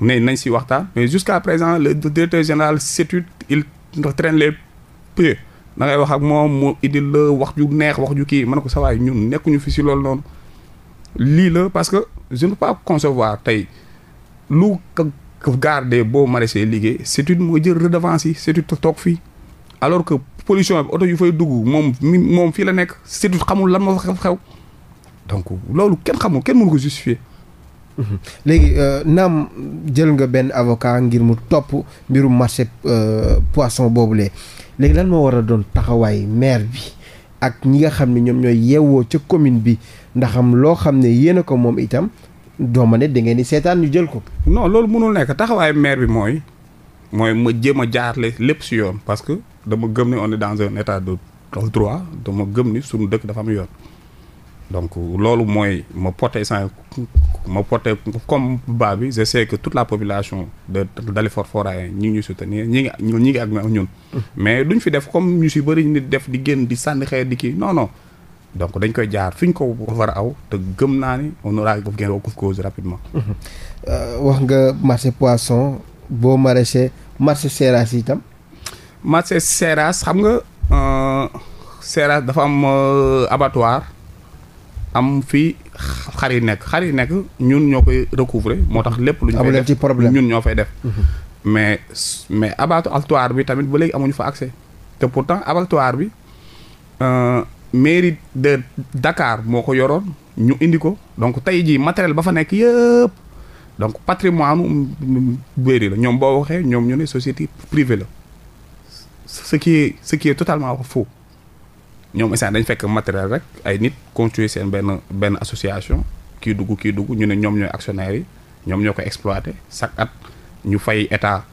ne nañ ci waxtaan mais jusqu'à présent le directeur général situde il traîne les pieds da ngay wax ak moom mu idil la wax ju neex wax ju kii mën na ko sawaay ñun nekkuñu fi ci loolu noonu lii la parce que je ne peux pas concevoir tey lu garde boo maraîcher liggéey CETUD mooy jël redevance yi CETUD toog fii alors que polition bi oto yu fay dugg moom moom fii la nekk CETUD xamul lan moo xew donc loolu kenn xamul kenn mënu ko justifier mhm. léegi euh, naam jël nga benn avocat ngir mu topp mbirum marché euh, poisson boobule léegi lan moo war a doon taxawaay maire bi ak ñi nga xam ne ñoom ñooy yeewoo ca commune bi ndaxam loo xam ne yéen a ko moom itam doo ma ne da ngeen di seetaan ñu jël ko. no loolu mënul nekk taxawaay maire bi mooy mooy ma jéem a jaarle lépp si yoon parce que dama gëm ne on est dans un état de droit dama gëm ni suñu dëkk dafa am yoon. donc loolu mooy ma porte sans ma porté combat bi je sais que toute la population de Dalifort Forain ñi ñu ñuy soutenir ñi ngi ñi ngi ñun. Mm. mais duñ fi def comme ñu si bëri nit def di génn di sànni xeer di kii non donc dañ koy jaar fi ñu ko war a aw te gëm naa ni on aura gain de cause rapidement. Euh, wax nga marché poisson boo maraîcher marché Seras yi itam. marché Seras xam nga euh, Seras dafa am euh, abattoir am fii xar yi nekk xar yi nekk ñun ñoo koy recouvrer moo tax lépp. lu ñu fay def ci problème ñun ñoo fay def. Mhm. mais mais abattoir bi tamit ba léegi amuñu fa accès te pourtant abattoir bi. mairie de dakaar moo ko yoroon ñu indi ko donc tey jii matériel ba fa nekk yëpp donc patrimoine mairie la ñoom boo waxee ñoom ñu ne société privée la ce qui est ce qui est totalement faux ñoom instant dañ fekk matériel rek ay nit constituer seen benn benn association kii dugg kii dugg ñu ne ñoom ñooy actionnaires yi ñoom ñoo ko exploité chaque at ñu fay état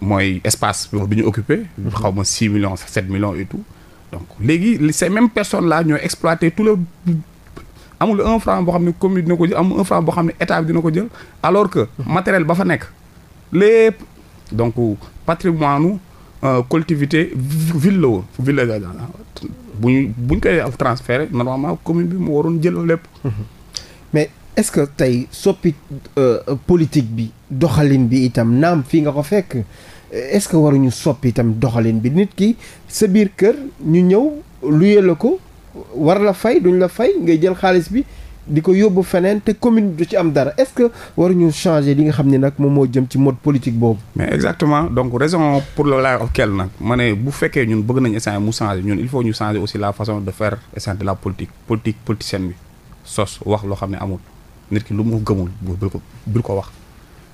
mooy espace bi ñu occupé mm-hmm. xaw ma six millions sept millions et tout donc léegi ces mêmes personne là ñoo exploité tout le amul un franc boo xam ne commune dina ko jël amul un franc boo xam ne état bi dina ko jël alors que mhm. matériel ba fa nekk lépp donc patrimoine euh, collectivité ville la woon ville bu ñu bu ñu koy transféré normalement commune bi mu waroon jël lépp mhm. mais est-ce que tey soppi euh, politique bi doxalin bi itam naam fii nga ko fekk est-ce que waruñu soppi itam doxalin bi nit ki sa biir kër ñu ñëw luyee la ko war la fay duñu la fay ngay jël xaalis bi di ko yóbbu feneen te commune du ci am dara est-ce que waruñu changer li nga xam ni nag moom moo jëm ci mode politique boobu. mais exactement donc raison pour laquelle nag ma ne bu fekkee ñun bëgg nañu instant mu changer ñun il faut ñu changer aussi la façon de faire instant de la politique politique politicienne bi sos wax loo xam ne amul nit ki lu mu gëmul bul ko bul ko wax.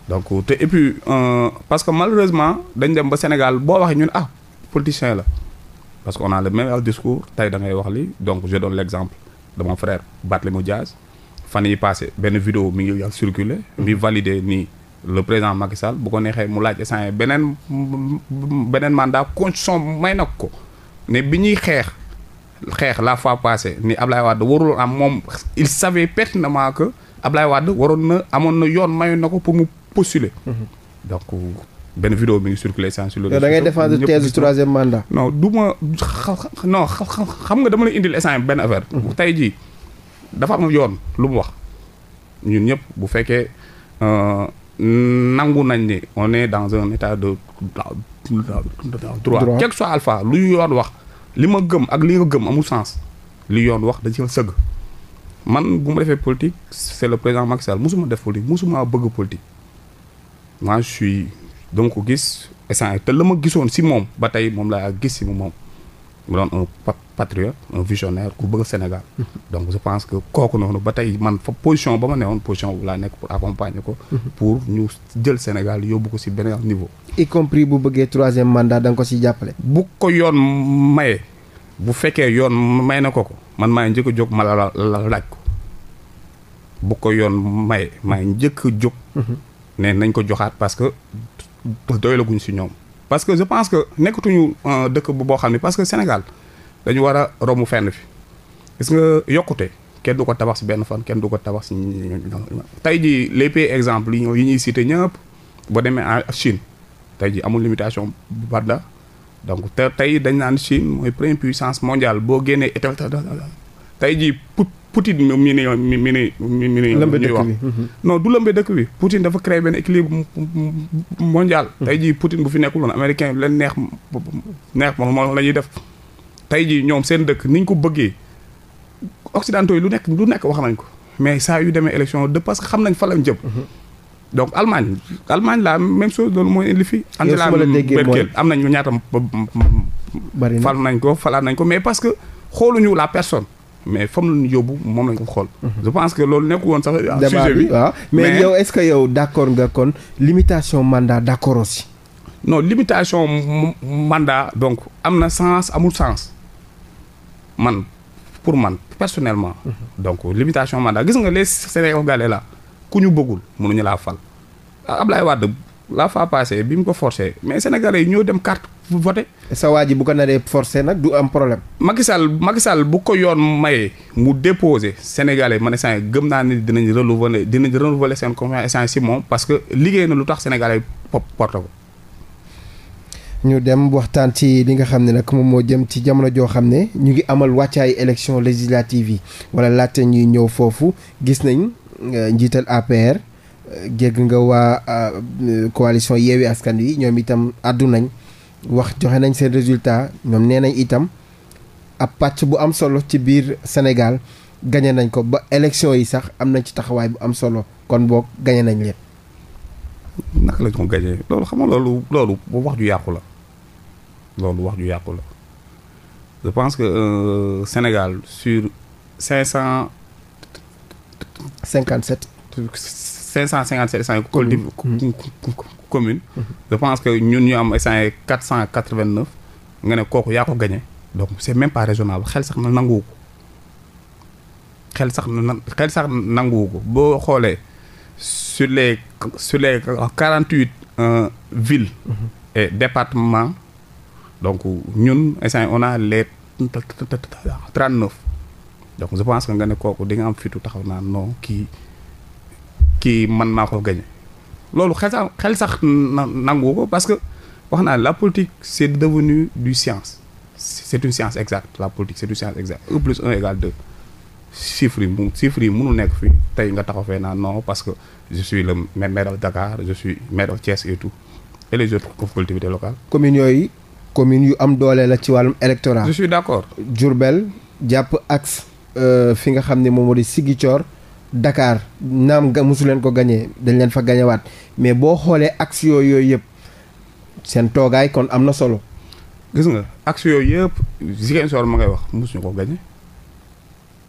donc te et puis euh, parce que malheureusement dañ dem ba Sénégal boo waxee ñun ah politicien la parce que on a le même discours tey da ngay wax li donc je donne l' exemple de mon frère Barthélémy Dias fan yi passé benn vidéo mi ngi circulé mi valider nii le président Macky Sall bu ko neexee mu laaj essane beneen beneen mandat constitution may nag ko ne bi ñuy xeex xeex la fois passée ni Ablaye wadd warul am moom il savait pertinemment que Ablaye Wade waroon na amoon na yoon mayu na ko pour postuler. Mhm. donc benn vidéo mi ngi circulé sans sur le. da ngay défendre thèse troisième mandat. non du ma non xam nga dama lay indil essence benn affaire. Mhm. tey jii dafa am yoon lu mu wax ñun ñëpp bu fekkee euh, nangu nañ ni on est dans un état de droit quel soit alpha lu yoon wax li ma gëm ak li nga gëm amul sens li yoon wax dañ ci sëgg man bu ma defee politique c'est le président Macky musuma def politique bëgg politique. moi je suis ko gis essane te la ma gisoon si moom ba tey moom laa gis si moom mu doon un patriote un visionnaire ku bëgg Sénégal mhm. donc je pense que kooku noonu ba tey man fa position ba ma newoon position bu laa nekk pour accompagner ko mhm. pour ñu jël Sénégal yóbbu ko si beneen niveau y compris bu bëggee troisième mandat da nga ko si jàppale bu ko yoon maye bu fekkee yoon may na ko ko man maay njëkk a jóg ma la la laaj ko bu ko yoon maye maay njëkk a jóg mhm. ne nañ ko joxaat parce que doylaguñ si ñoom. parce que je pense que nekkatuñu euh, dëkk bu boo xam ne parce que Sénégal dañu war a romb fenn fi gis nga yokkute kenn du ko tabax si benn fan kenn du ko tabax si tey jii les exemple yi ñuy cité ñëpp ba demee en Chine tey jii amul limitation bu donc te tey dañ naan Chine mooy première puissance mondiale boo génnee état tey jii Poutine mi ni mi ni mi ni ñuy wax non du lëmbee dëkk bi Poutine dafa créé benn équilibre mondial tey jii Poutine bu fi nekkul woon américain leen neex neex moom moom la ñuy def tey jii ñoom seen dëkk niñ ko bëggee occidentaux yi lu nekk lu nekk wax nañ ko mais saa yu demee élection de parce que xam nañ fa lañ jëm donc Allemagne Allemagne laa même chose loolu mooy indi fi Angela Merkel am nañ ñaatam fal nañ ko falaat nañ ko mais parce que xooluñu la personne mais fam la ñu yóbbu moom lañ ko xool. Mhm. je pense que loolu nekk woon sax. sujet bi waaw ah. mais yow est-ce que yow d'accord nga kon limitation mandat d'accord aussi. non limitation mandat donc am na sens amul sens man pour man personnellement. Mhm. donc limitation mandat gis nga les Sénégalais la ku ñu bëggul mënuñu laa fal ah, Ablaye Wade. laa faa passée bi mu ko forcé mais sénégalais yi ñoo dem carte voté sa waa ji bu ko naree forcé nag du am problème Macky Sall Macky Sall bu ko yoon mayee mu déposé sénégalais ma ne saa gëm naa ne dinañ renouveler dinañ renouveler seen confiance essence si moom parce que liggéey na lu tax sénégalais pop porte ko ñu dem waxtaan ci li nga xam ne nag moom moo jëm ci jamono joo xam ne ñu ngi amal wàccaay élection législative yi wala laata ñuy ñëw foofu gis nañ euh, njiital APR jégg nga waa euh, coalition Yewwi Askan Wi ñoom itam àddunañ wax joxe nañ seen résultat ñoom nee nañ itam ab pàcc bu am solo ci biir Sénégal gañe nañ ko ba élection yi sax am nañ ci taxawaay bu am solo kon boo gañe nañ leen. naka lañ ko gañee loolu xam nga loolu bu wax ju yàqu la loolu wax ju yàqu la je pense que euh, Sénégal sur cinq cent. cinquante cent 557 échange mm-hmm. commune mm-hmm. je pense que ñun ñu am cent échange 489 nga ne kooku yàqu ko gagné donc c'est même pas raisonnable xel sax na nanguwu xel sax na xel sax nanguwu ko boo xoolee sur les sur les 48 euh, ville mm-hmm. et départements donc ñun échange on a les 39 donc je pense que nga ne kooku di nga am fitu taxaw naa non kii kii man maa ko gagné loolu xel sax xel sax nangu ko parce que wax naa la politique c'est devenu du science c'est une science exacte la politique c'est une science exacte plus un égale deux chiffres yi mu chiffres yi nekk fii tey nga taxaw fee naa non parce que je suis le maire de Dakar je suis maire de Thiès et tout et yooyu communes yu am doole la ci wàllum électorat. je suis d'accord. Diourbel jàpp axe. Euh, fi nga xam ne moom moo di Ziguinchor. dakaar naam ga mosu leen ko gañee dañ leen fa gañewaat mais boo xoolee action yooyu yëpp seen toogaay kon am na solo. gis nga action yooyu yëpp Ziguinchor ma ngay wax mosuñu ko gañe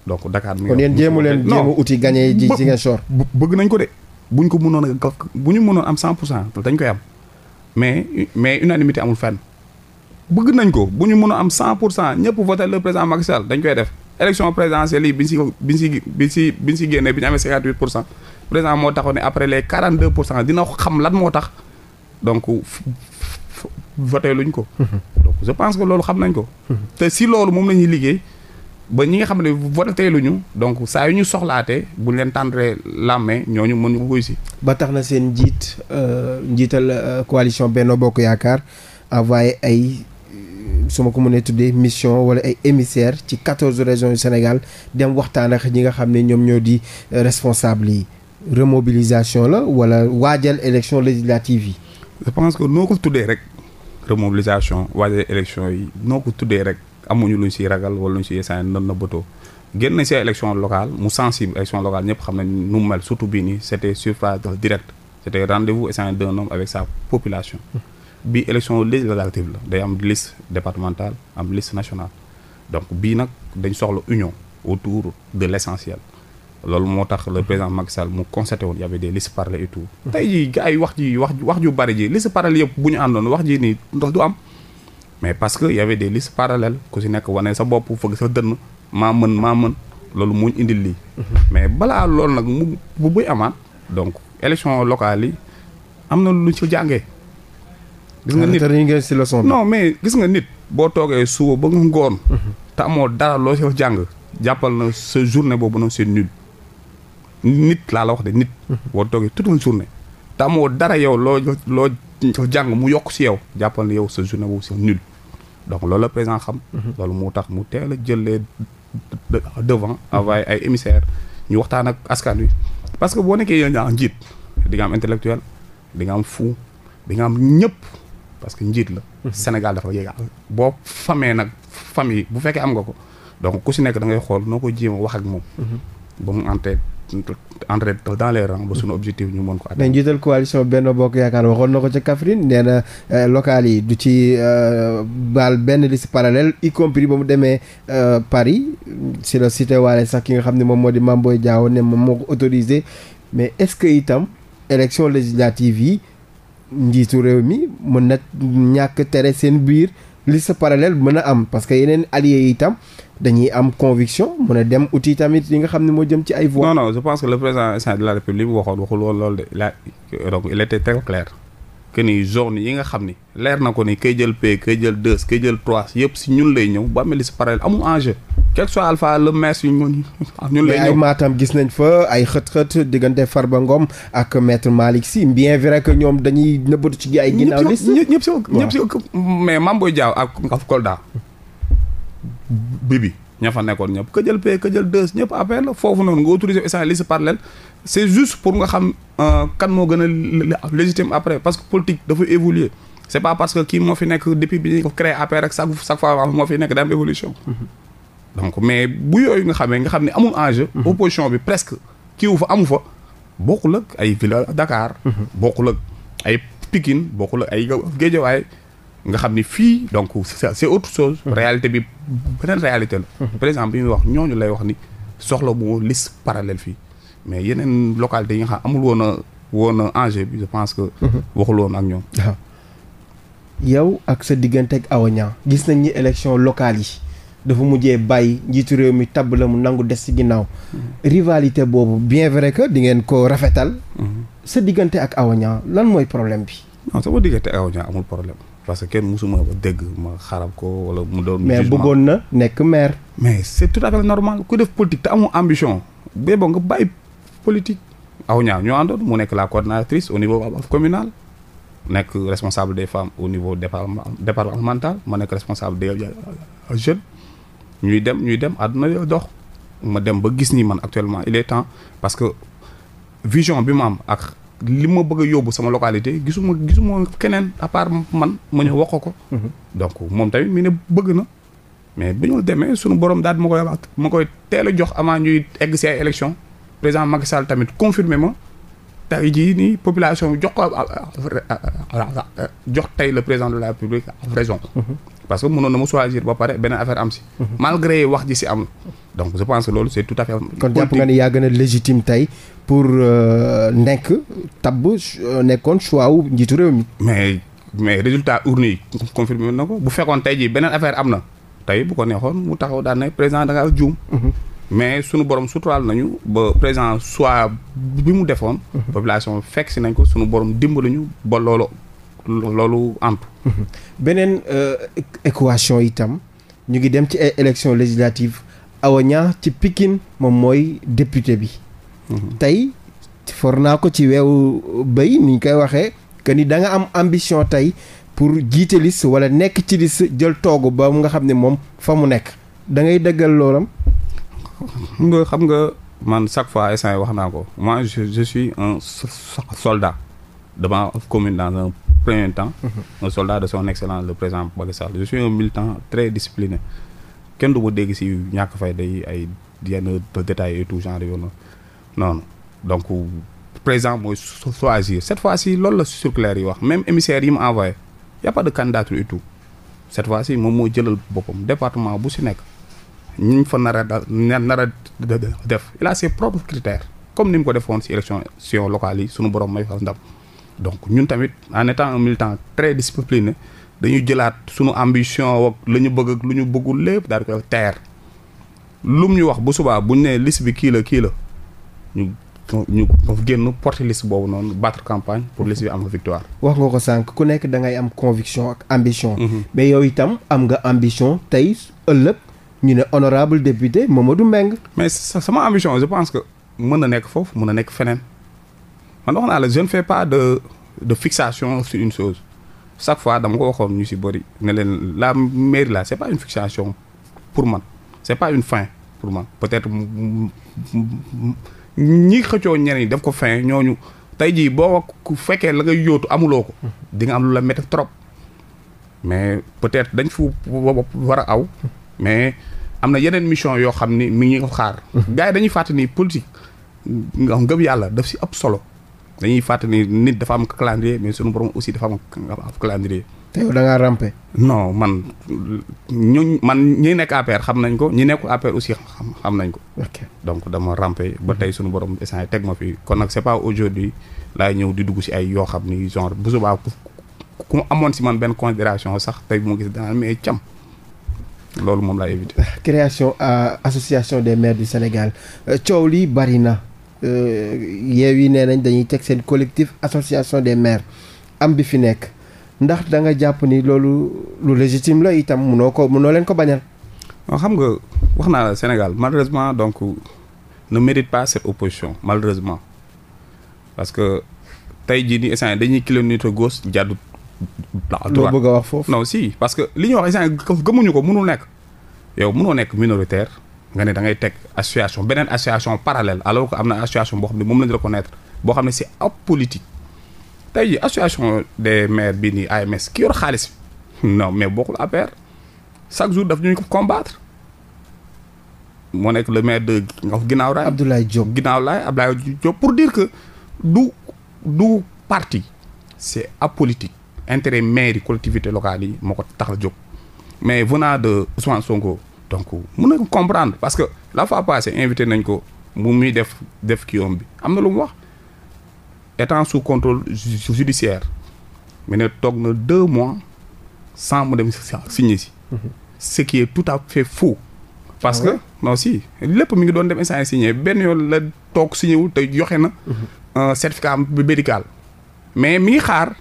donc Dakar. mi ngi wax kon yéen jéemu leen jéemu uti gañe ji Ziguinchor. bëgg nañ ko de buñ ko mënoon a bu ñu mënoon am 100 pour cent dañ koy am mais mais unanimité amul fenn bëgg nañ ko bu ñu mënoon am 100 pour cent ñëpp voté le président Macky dañ koy def. élection présidentielle yi bi ñu si bi ñu si bi si génnee bi ñu amee 58 pour cent président moo taxoon ne après les 42 pour cent dina xam lan moo tax donc voté luñ ko. Mhm. donc je pense que loolu xam nañ ko. Mhm. te si loolu moom la ñuy liggéey ba ñi nga xam ne voté luñu donc saa yu ñu soxlaate bu leen tàndree làmmee ñooñu mën ñu wuy si. ba tax na seen njiit euh, njiital euh, coalition benn Bokk Yaakaar envoyé ay. su ma ko mënee tuddee mission wala ay émissaires ci quatorze régions Sénégal dem waxtaan ak ñi nga xam ne ñoom ñoo di euh, responsable yi remobilisation la wala waajal élection législative yi. je pense que noo ko tuddee rek remobilisation waajal élection yi noo ko tuddee rek amuñu luñ siy ragal wala lu siy sànni nan na bëtoo génn nañ si élection locale mu sensible élection locale ñëpp xam nañ nu mel surtout bii nii c' était suffrage direct c' était rendez vous et d'un avec sa population. bi élection législative la day am liste départementale am liste nationale donc bii nag dañ soxla union autour de l'essentiel loolu moo tax la président Macky mu constaté woon y avait des listes parallèles et tout. tey jii yi wax ji wax wax ju bari ji liste parallèle yëpp bu ñu àndoon wax ji nii ndox du am mais parce que y avait des listes parallèles ku si nekk wanee sa bopp fëgg sa dënn maa mën maa mën loolu moo ñu indil lii. mais balaa loolu nag mu bu buy amaat donc élection locale yi am na lu ci jàngee. gis nga ah, nit ngeen si leçon non mais gis nga nit boo toogee suba ba nga ngoon te amoo dara loo si jàng jàppal na sa journée boobu noonu seen nul nit laa la wax de nit boo toogee toute une journée te amoo dara yow loo loo jàng mu yokk si yow jàppal na yow sa journée boobu c'est nul donc loolu la président xam loolu moo tax mu teel a jëlee devant envoyé ay émissaires ñu waxtaan ak askan wi parce que boo nekkee yow daa njiit di nga am intellectuel di nga am fou di nga am ñëpp parce que njiit la. Sénégal dafa yéeg boo famee nag famille bu fekkee am nga ko donc ku si nekk da ngay xool noo ko jéem a wax ak moom. ba mu entee entrer dans les rangs ba suñu objectif ñu mën ko atteindre. mais njiital coalition Benno Bokk Yaakaar waxoon na ko ca Kaffrine nee na euh, yi du ci euh, baal benn liste parallèle y compris ba mu demee euh, Paris si la cité waale sax ki nga xam ne moom moo di Mame Boye Diao ne moom moo ko autorisé mais est-ce que itam élection législative yi. njiitu réew mi mën na ñàkk tere seen biir li liste parallèle mën a am parce que yeneen alliés yi itam dañuy am conviction mën a dem outil tamit yi nga xam ne moo jëm ci ay voix. non non je pense que le président de la république waxoon waxul woon de il a donc il que ni zone yi nga xam ni leer na ko ni kay jël P kay jël 2 kay jël 3 yëpp si ñun lay ñëw ba mel ni si parallèle amul enjeu. quel que soit alpha le maire yu ñun lay ñëw ay Matam gis nañ fa ay xët-xët diggante Farba Ngom ak maître Malick Sy bien vrai que ñoom dañuy nëbbatu ci ay ginnaaw liste ñëpp si ñëpp si mais Mame Boye Diao ak ak Kolda Bibi ña fa nekkoon ñëpp ka jël P ka jël 2 ñëpp affaire la foofu noonu nga autorisé essai liste parallèle c'est juste pour nga xam euh, kan moo gën a légitime après parce que politique dafa évoluer c'est pas parce que kii moo fi nekk depuis bi ñuy ko créé APR rek chaque chaque fois moo mm-hmm. donc mais bu yooyu nga xamee nga xam ne amul enjeu mm-hmm. opposition bi presque kii wu fa amu fa bokkul ak ay ville dakaar mm-hmm. bokkul ak ay Pikine bokkul ak ay Guédiawaye nga xam ni fii donc c'est autre chose réalité bi beneen réalité la par exemple bi ñuy wax ñooñu lay wax ni soxla bu liste parallèle fii mais yeneen localité yi nga xam amul woon a woon a enjeu bi je pense que. Mhm. waxul woon ak ñoom. yow ak sa diggante ak Awa gis nañ ni élection locale yi dafa mujjee bàyyi njiitu réew mi tabb la mu nangu des ci ginnaaw. Mhm. rivalité boobu bien vrai que di ngeen ko rafetal. Mhm. sa diggante ak Awa Niang lan mooy problème bi. non sama diggante ak Awa amul problème. parce que kenn musuma ba dégg ma xarab ko wala mu doon. mais bëggoon na nekk maire. mais c'est tout à fait normal ku def politique te amul politique aw ñaaw ñoo àndoon mu nekk la coordinatrice au niveau communal nekk responsable des femmes au niveau départemental ma nekk responsable des jeunes ñuy dem ñuy dem àdduna dox ma dem ba gis nii man actuellement il est temps parce que vision bi ma am ak li ma bëgg a yóbbu sama localité gisuma gisuma keneen à part man ma ñëw wax ko. Mhm. donc moom tamit mu ne bëgg na. mais bu ñu demee sunu borom daal ma koy ma koy teel a jox avant ñuy egg si ay élections. président Macky Sall tamit confirmé ma tey jii nii population bi jox ko jox tey le président de la République ab raison. Mhm. parce que mënoon na mu choisir ba pare beneen affaire am si. Mhm. malgré wax ji si am. donc je pense loolu c'est tout à fait. kon jàpp nga ni yaa légitime tey pour euh, ndenk tab euh, nekkoon choix njiitu réew mi. mais mais résultat urne nii confirmé na ko bu fekkoon tey jii beneen affaire am na tey bu ko neexoon mu taxaw daan ne président da juum. Mhm. mais sunu borom suturaal nañu ba président soit bi mu defoon. population fekk si nañ ko sunu borom dimbali ñu ba loolu loolu amp beneen euh, équation itam ñu ngi dem ci ay élections législatives Awa Niang ci Pikine moom mooy député bi. Mhm. tey for naa ko ci weewu béy ni ñu koy waxee que ni da nga am ambition tey pour jiite liste wala nekk ci liste jël toogu ba mu nga xam ne moom fa mu nekk da ngay dëggal loolam. nga xam nga man chaque fois instant wax naa ko moi je je suis un soldat devant commune dans un premier temps. Mhm. un soldat de son excellence le président Macky Sall je suis un militant très discipliné kenn du ma dégg si ñàkk fay day ay yenn détails et tout genre yooyu noonu non donc président mooy choisir cette fois-ci loolu la circulaire yi wax même émissaire yi mu envoyé y a pas de candidature et cette fois-ci moom moo jëlal boppam département bu si nekk. ñi mu fa nar a dal nar def il a ses propres comme ni mu ko defoon si élection sion locale yi suñu borom may fa ndam donc ñun tamit en étant un militant très discipliné dañu jëlaat sunu ambition ak la ñu bëgg lu ñu bëggul lépp daal di ko teer lum ñu wax bu subaa buñ nee liste bi kii la kii la ñu ñu génn porte liste boobu noonu battre campagne pour liste bi am victoire. wax nga ko sànq ku nekk dangay ngay am conviction ak ambition. Mhm. mais yow itam am nga ambition tey ëllëg. ñu ne honorable député du Mbengue mais sama ambition je pense que mën na nekk foofu mën na nekk feneen man wax naa la je ne fais pas de de fixation sur une chose chaque fois dama ko waxoon ñu si bëri ne leen la mairie la c'est pas une fixation pour man c'est pas une fin pour man peut-être ñi xëccoo ñeneen yi def ko fin ñooñu tey jii boo ku fekkee la ngay yootu amuloo ko di nga am lu la métti trop mais peut-être dañ fu war a aw mais am na yeneen mission yoo xam ni mi ngi xaar. Mhm. gars dañuy fàttali ni politique nga ngëm yàlla def si ëpp solo dañuy fàttali ni nit dafa am calendrier mais sunu borom aussi dafa am calendrier. te yow da ngaa non man ñu man ñi nekk APR xam nañ ko ñu nekk APR aussi xam xam nañ ko. donc dama rampe ba tey mhm. sunu borom instant teg ma fii kon nag c'est pas aujourd'hui laay ñëw di dugg si ay yoo xam ni genre bu subaa ku amoon si man benn considération sax tey bu gis danaa mais cam. loolu moom laa éviter. création euh, association des maires du Sénégal euh, coow lii bari na euh, yeew yi nee nañ dañuy teg seen collectif association des maires am bi fi nekk ndax da nga jàpp ni loolu lu légitime la itam munoo ko munoo leen ko bañal. xam nga wax naa la Sénégal malheureusement donc ne mérite pas cette opposition malheureusement parce que tey jii nii instant dañuy kilomètre gauche jàddut loo bëgg a wax foofu non si parce que li ñuy wax instant gëmuñu ko mënul nekk yow mënoo nekk minoritaire nga ne da ngay teg association beneen association parallèle alors que am na association boo xam ne moom lañu reconnaître boo xam ne c'est apolitique tey jii association des maires bii nii AMS ki yor xaalis non mais bokkul APR chaque jour daf ñu ko combattre moo nekk le maire de Ngaf ginnaaw raay Abdoulaye Diop ginnaaw raay Abdoulaye Diop pour dire que du du parti c'est apolitique intérêt maire yi collectivité locale yi moo ko tax a jóg mais venant de Ousmane Sonko donc mun na comprendre parce que la fois passée invité nañ ko mu muy def def kii bi am na lu mu wax étant sous contrôle judiciaire mais ne toog na deux mois sans mu dem signé si mhm. ce qui est tout à fait faux parce que non si lépp mu ngi doon dem instant signé benn yoon la toog si wul te joxe na mhm. certificat médical mais mi xaar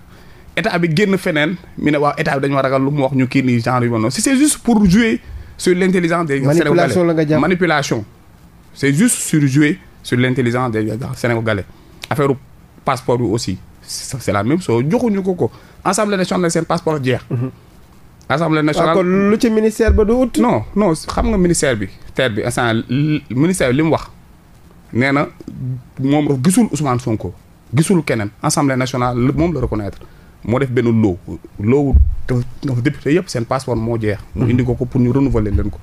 état bi génn feneen mi ne waaw état bi dañu ma ragal lu mu wax ñu kii nii genre yu ma noonu c'est juste pour jouer sur l'intelligence des Sénégalais manipulation c'est juste sur jouer sur l'intelligence des Sénégalais affaire passeport bi aussi c'est la même chose joxuñu ko ko assemblée nationale seen passeport jeex mhm. assemblée nationale ah, kon lu ci ministère ba du ut no non xam nga ministère bi terre bi instant ministère bi li mu wax nee na moom gisul Ousmane Sonko gisul keneen assemblée nationale moom la reconnaître moo def benn loo loowu dafa député yëpp seen passeport moo jeex mu hmm. indi ko ko pour ñu renouveler leen ko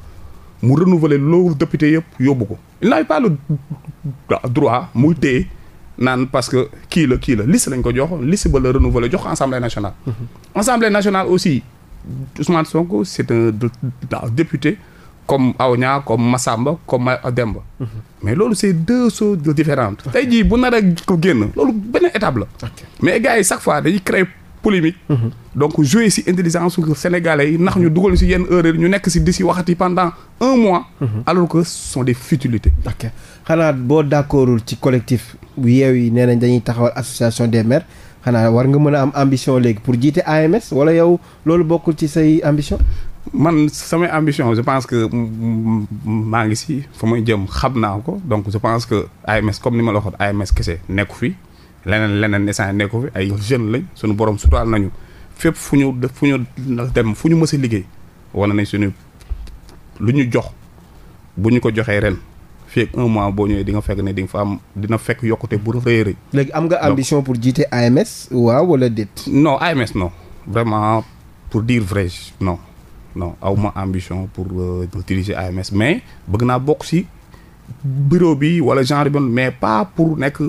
mu renouveler loowu député yëpp yóbbu ko il n'avait pas le droit muy téye naan parce que kii la kii la liste lañ ko jox liste ba la renouveler jox assemblée nationale hmm. assemblée nationale aussi Ousmane Sonko c'est un député comme Aonia comme Massamba comme Demba hmm. mais loolu c'est deux choses différentes tey jii bu nar a génn loolu beneen étape la mais gars yi fois dañuy créer polémique mhm. donc jouer si intelligence su sénégalais yi ndax ñu dugal si yenn erreur ñu nekk si di si waxati pendant un mois mhm. alors que ce des futilités ok xanaa boo d'accordul ci collectif yeew yi nee nañ dañuy taxawal association des maires xanaa war nga mën a am ambition léegi pour jiite AMS wala yow loolu bokkul ci say ambition man samay ambition je pense que maa ngi si fa may jëm xam naa ko donc je pense que AMS comme ni ma la waxoon AMS kese nekku fi leneen leneen instant nekku fi ay jeunes lañ suñu borom sutaal nañu fépp fu ñu fu ñu dem fu ñu mës a liggéey wane nañ suñu lu ñu jox bu ñu ko joxee ren fii ak un mois boo ñëwee di nga fekk ne di nga fa am dina fekk yokkute bu rëy rëy. léegi am nga ambition pour jiite AMS waaw wala déet. non AMS non vraiment pour diir vrai non non aw ma ambition pour diriger euh, AMS mais bëgg naa bokk si bureau bi wala genre bi mais pas pour nekk.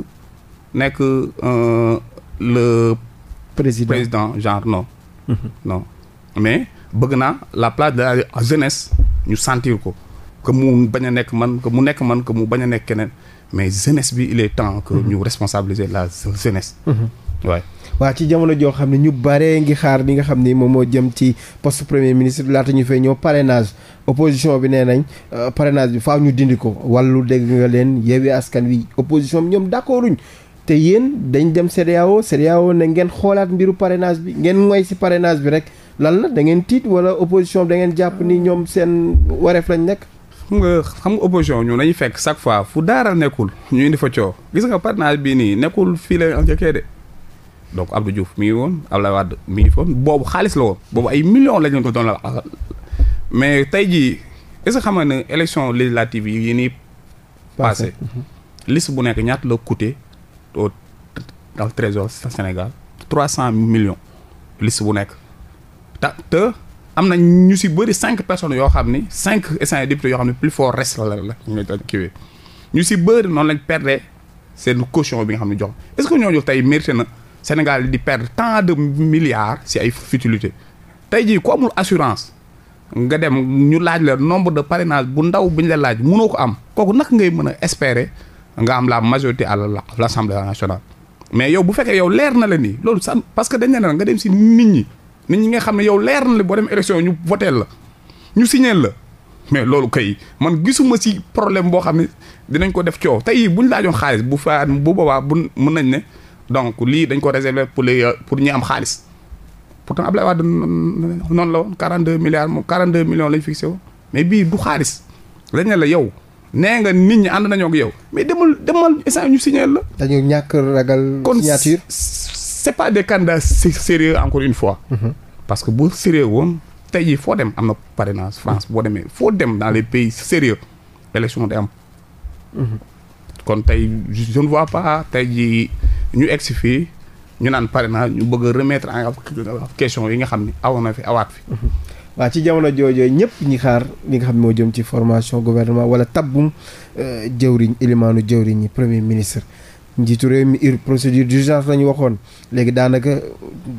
nekk euh, le président président genre non mhm. non mais bëgg naa la place de la jeunesse ñu sentir ko que mu bañ a nekk man ko mu nekk man ko mu bañ a nekk keneen mais jeunesse bi il est temps que mhm. ñu responsabiliser la jeunesse waaw mhm. waaw ci jamono joo xam ne ñu bare ngi xaar li nga xam ni moom moo jëm ci poste premier ministre laata ñu fee ñëw parrainage opposition bi nee nañ euh, parrainage bi faaw ñu dindi ko wallu dégg nga leen yeewi askan wi opposition bi ñoom d'accorduñ te yéen dañ dem CEDEAO CEDEAO ne ngeen xoolaat mbiru parrainage bi ngeen mooy si parrainage bi rek lan la da ngeen tiit wala opposition bi da ngeen jàpp ni ñoom seen wareef lañ nekk. xam nga xam nga opposition ñu lañuy fekk chaque fois fu daara nekkul ñu indi fa coow gis nga parrainage bii nii nekkul fii la njëkkee de donc Abdou Diouf mi woon Abdoulaye Wade mi ngi foon boobu xaalis la woon boobu ay million lañ leen ko doon la mais tey jii est-ce que xam nga ne élection législative yi bu nekk ñaata la coûté. au au trésor Sénégal trois cent millions liste bu nekk ta te am na ñu si bëri cinq personnes yoo xam ni cinq anciens députés yoo xam ne plus fort reste la la ñu kiiwee ñu si bëri noonu lañ perdre seen caution bi nga xam ne jox est-ce que ñooñu tey mérité na Sénégal di perdre temps de milliards si ay futilités tey jii ku amul assurance nga dem ñu laaj la nombre de parrainage bu ndaw bi ñu la laaj mënoo ko am kooku naka ngay mën a espérer nga am la majorité à a nationale mais yow bu fekkee yow leer na la nii loolu san parce que dañ ne la nga dem si nit ñi nit ñi nga xam ne yow leer na la boo dem élection ñu voté la ñu signé la mais loolu kay man gisuma si problème boo xam ne dinañ ko def coow tey bu ñu laajoon xaalis bu fa bu boobaa bu mën nañ ne donc lii dañ ko réserver pour les pour ñi am xaalis pour pourtant Ablaye Wade noonu la woon 42 milliards moom 42 millions lañ fixé woon mais bii du xaalis dañ la yow. nee nga nit ñi ànd nañoo ak yow mais demal demal instant ñu signaler la. dañoo ñàkk ragal. signature kon c'est pas des candidats sérieux encore une fois. Mm-hmm. parce que bu sérieux woon tey jii foo dem am na parrainage France boo demee foo dem dans les pays sérieux élection de am. Mm-hmm. kon tey je ne pas tey jii ñu egsi fii ñu naan pare naa ñu bëgg a remettre en question yi nga xam ni awoon na fi awaat fi. Mm-hmm. waa ci jamono joojoo ñëpp ñi xaar li nga xam ne moo jëm ci formation gouvernement wala tabbum euh, jëwriñ ilimaanu jëwriñ ñi premier ministre njiitu réew mi ur procédure d'urgence la ñu waxoon léegi daanaka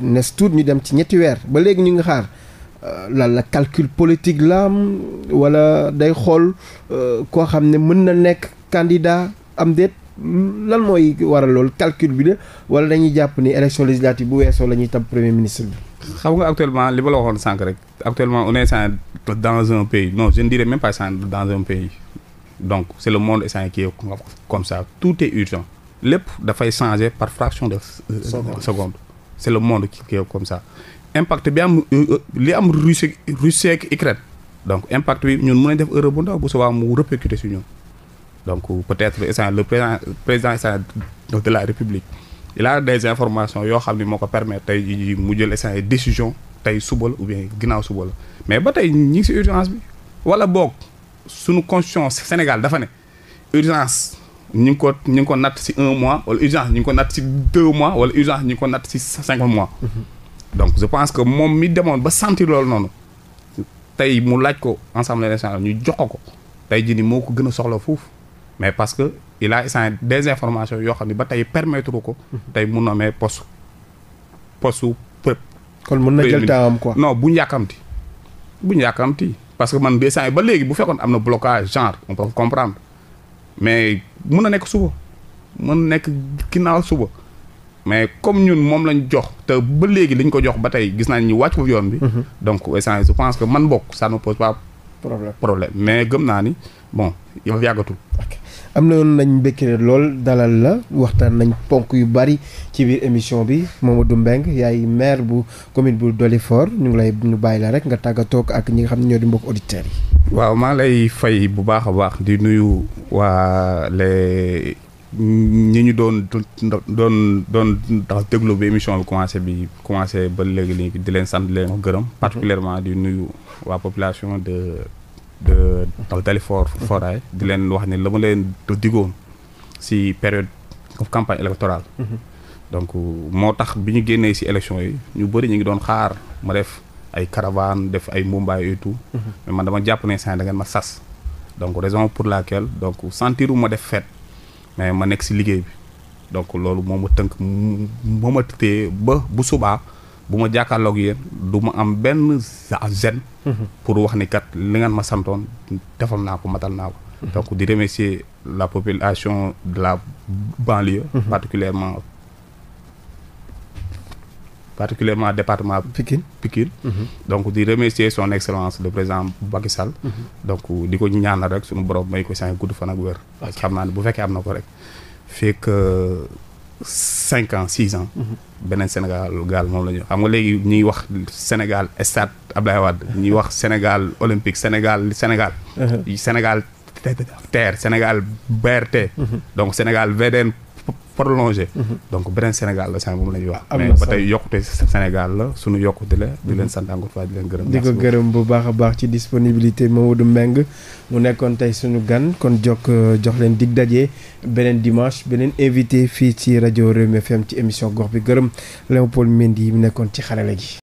nes tuut ñu dem ci ñetti weer ba léegi ñu ngi xaar euh, lan la calcul politique la am wala day xool euh, koo xam ne mën na nekk candidat am déet lan mooy waral loolu calcul bi la wala dañuy jàpp ni élection législative bu weesoo la ñuy tab premier ministre bi xam nga actuellement li ma la waxoon sànq rek actuellement on est dans un pays non je ne dirais même pas dans un pays donc c'est le monde instant qui est comme ça tout est urgent lépp dafay changer par fraction de seconde c'est le monde qui est comme ça impact bi am li am Russie Russie ak donc impact bi ñun mën nañ def erreur bu ndaw bu subaa mu répercuter si ñun donc peut-être instant le président président instant de la République il a des informations yoo xam ni moo ko permettre tey ji mu jël essence décision tey suba la ou bien ginnaaw suba la mais ba tey ñi ngi si urgence bi wala boog suñu constitution Sénégal dafa ne urgence ñu ngi ko ñu ngi ko natt si un mois wala urgence ñu ngi ko natt si deux mois wala urgence ñu ko natt si cinq mois donc je pense que moom mi demoon ba sentir loolu noonu tey mu laaj ko Assemblée nationale ñu jox ko ko tey jii nii moo ko gën soxla foofu mais parce que il a des informations yoo xam ne ba tey permettre ko tey mu nommé poste poste peuple kon mën na jël taam quoi non buñ yàkkamti buñ yàkkamti parce que man desant ba léegi bu fekkoon am na blocage genre on peut mais mun na nekk suba mun na nekk ginnaaw suba mais comme ñun moom lañ jox te ba léegi lañ ko jox ba tey gis nañ ñu wàcc fu yoon bi mhm. donc essence je pense que man bokk ça ne pose pas problème mais gëm naa ni bon yow yàggatul am na yoon nañ mbékkile lool dalal la waxtaan nañ ponk yu bari ci biir émission bi moom Mamadou Mbengue yaay maire bu commune bu for ñu ngi lay ñu bàyyi la rek nga tàggatoo ak ñi nga xam ne ñoo di mbokk auditeurs yi. waaw maa lay fay bu baax a baax di nuyu waa les ñi ñu doon doon doon tax déglu bi émission bi commencé bi commencé ba léegi léegi di leen sant leen leen gërëm. Mhm. particulièrement di nuyu waa population de. dal Dalifort Foirail di leen wax ne la ma leen digoon si période campagne électorale mm-hmm. donc moo tax bi ñu génnee si élection yi ñu bëri ñu ngi doon xaar ma def ay caravane def ay mumbaay et tout mm-hmm. mais man dama jàpp ne saa da ngeen ma sas donc raison pour laquelle donc sentiru ma def fête mais ma nekk si liggéey bi donc loolu moo ma tënk moo a téye ba bu subaa bu ma jàkkaarloog yéen du ma am benn gêne pour wax ni kat li ngeen ma santoon defal naa ko matal naa ko donc di remercier la population de la banlieue mhm. particulièrement particulièrement département Pikine Pikine mhm. donc di remercier son excellence le président Macky sal mhm. donc di ko ñaanal rek suñu borom may ko sànq gudd fan ak wér xam naa ne bu fekkee am na ko rek cinq ans six ans. beneen Sénégal gaal moom la ñu xam nga léegi ñuy wax Sénégal stade Abdoulaye Wade ñuy wax Sénégal olympique Sénégal Sénégal. Uh-huh. Sénégal terre Sénégal BRT. Uh-huh. donc Sénégal VDN. prolongé mhm. donc beneen Sénégal la moom la ñuy wax mais ba tey yokkute Sénégal la suñu yokkute la di leen sant encore fois di leen gërëm di gërëm bu baax a baax ci disponibilité Mamadou Mbengue mu nekkoon tey suñu gan kon jokk euh, jox leen dig daje beneen dimanche beneen invité fii ci rajo Rewmi FM ci émission gox bi gërëm Léopold yi mu nekkoon ci xarala gi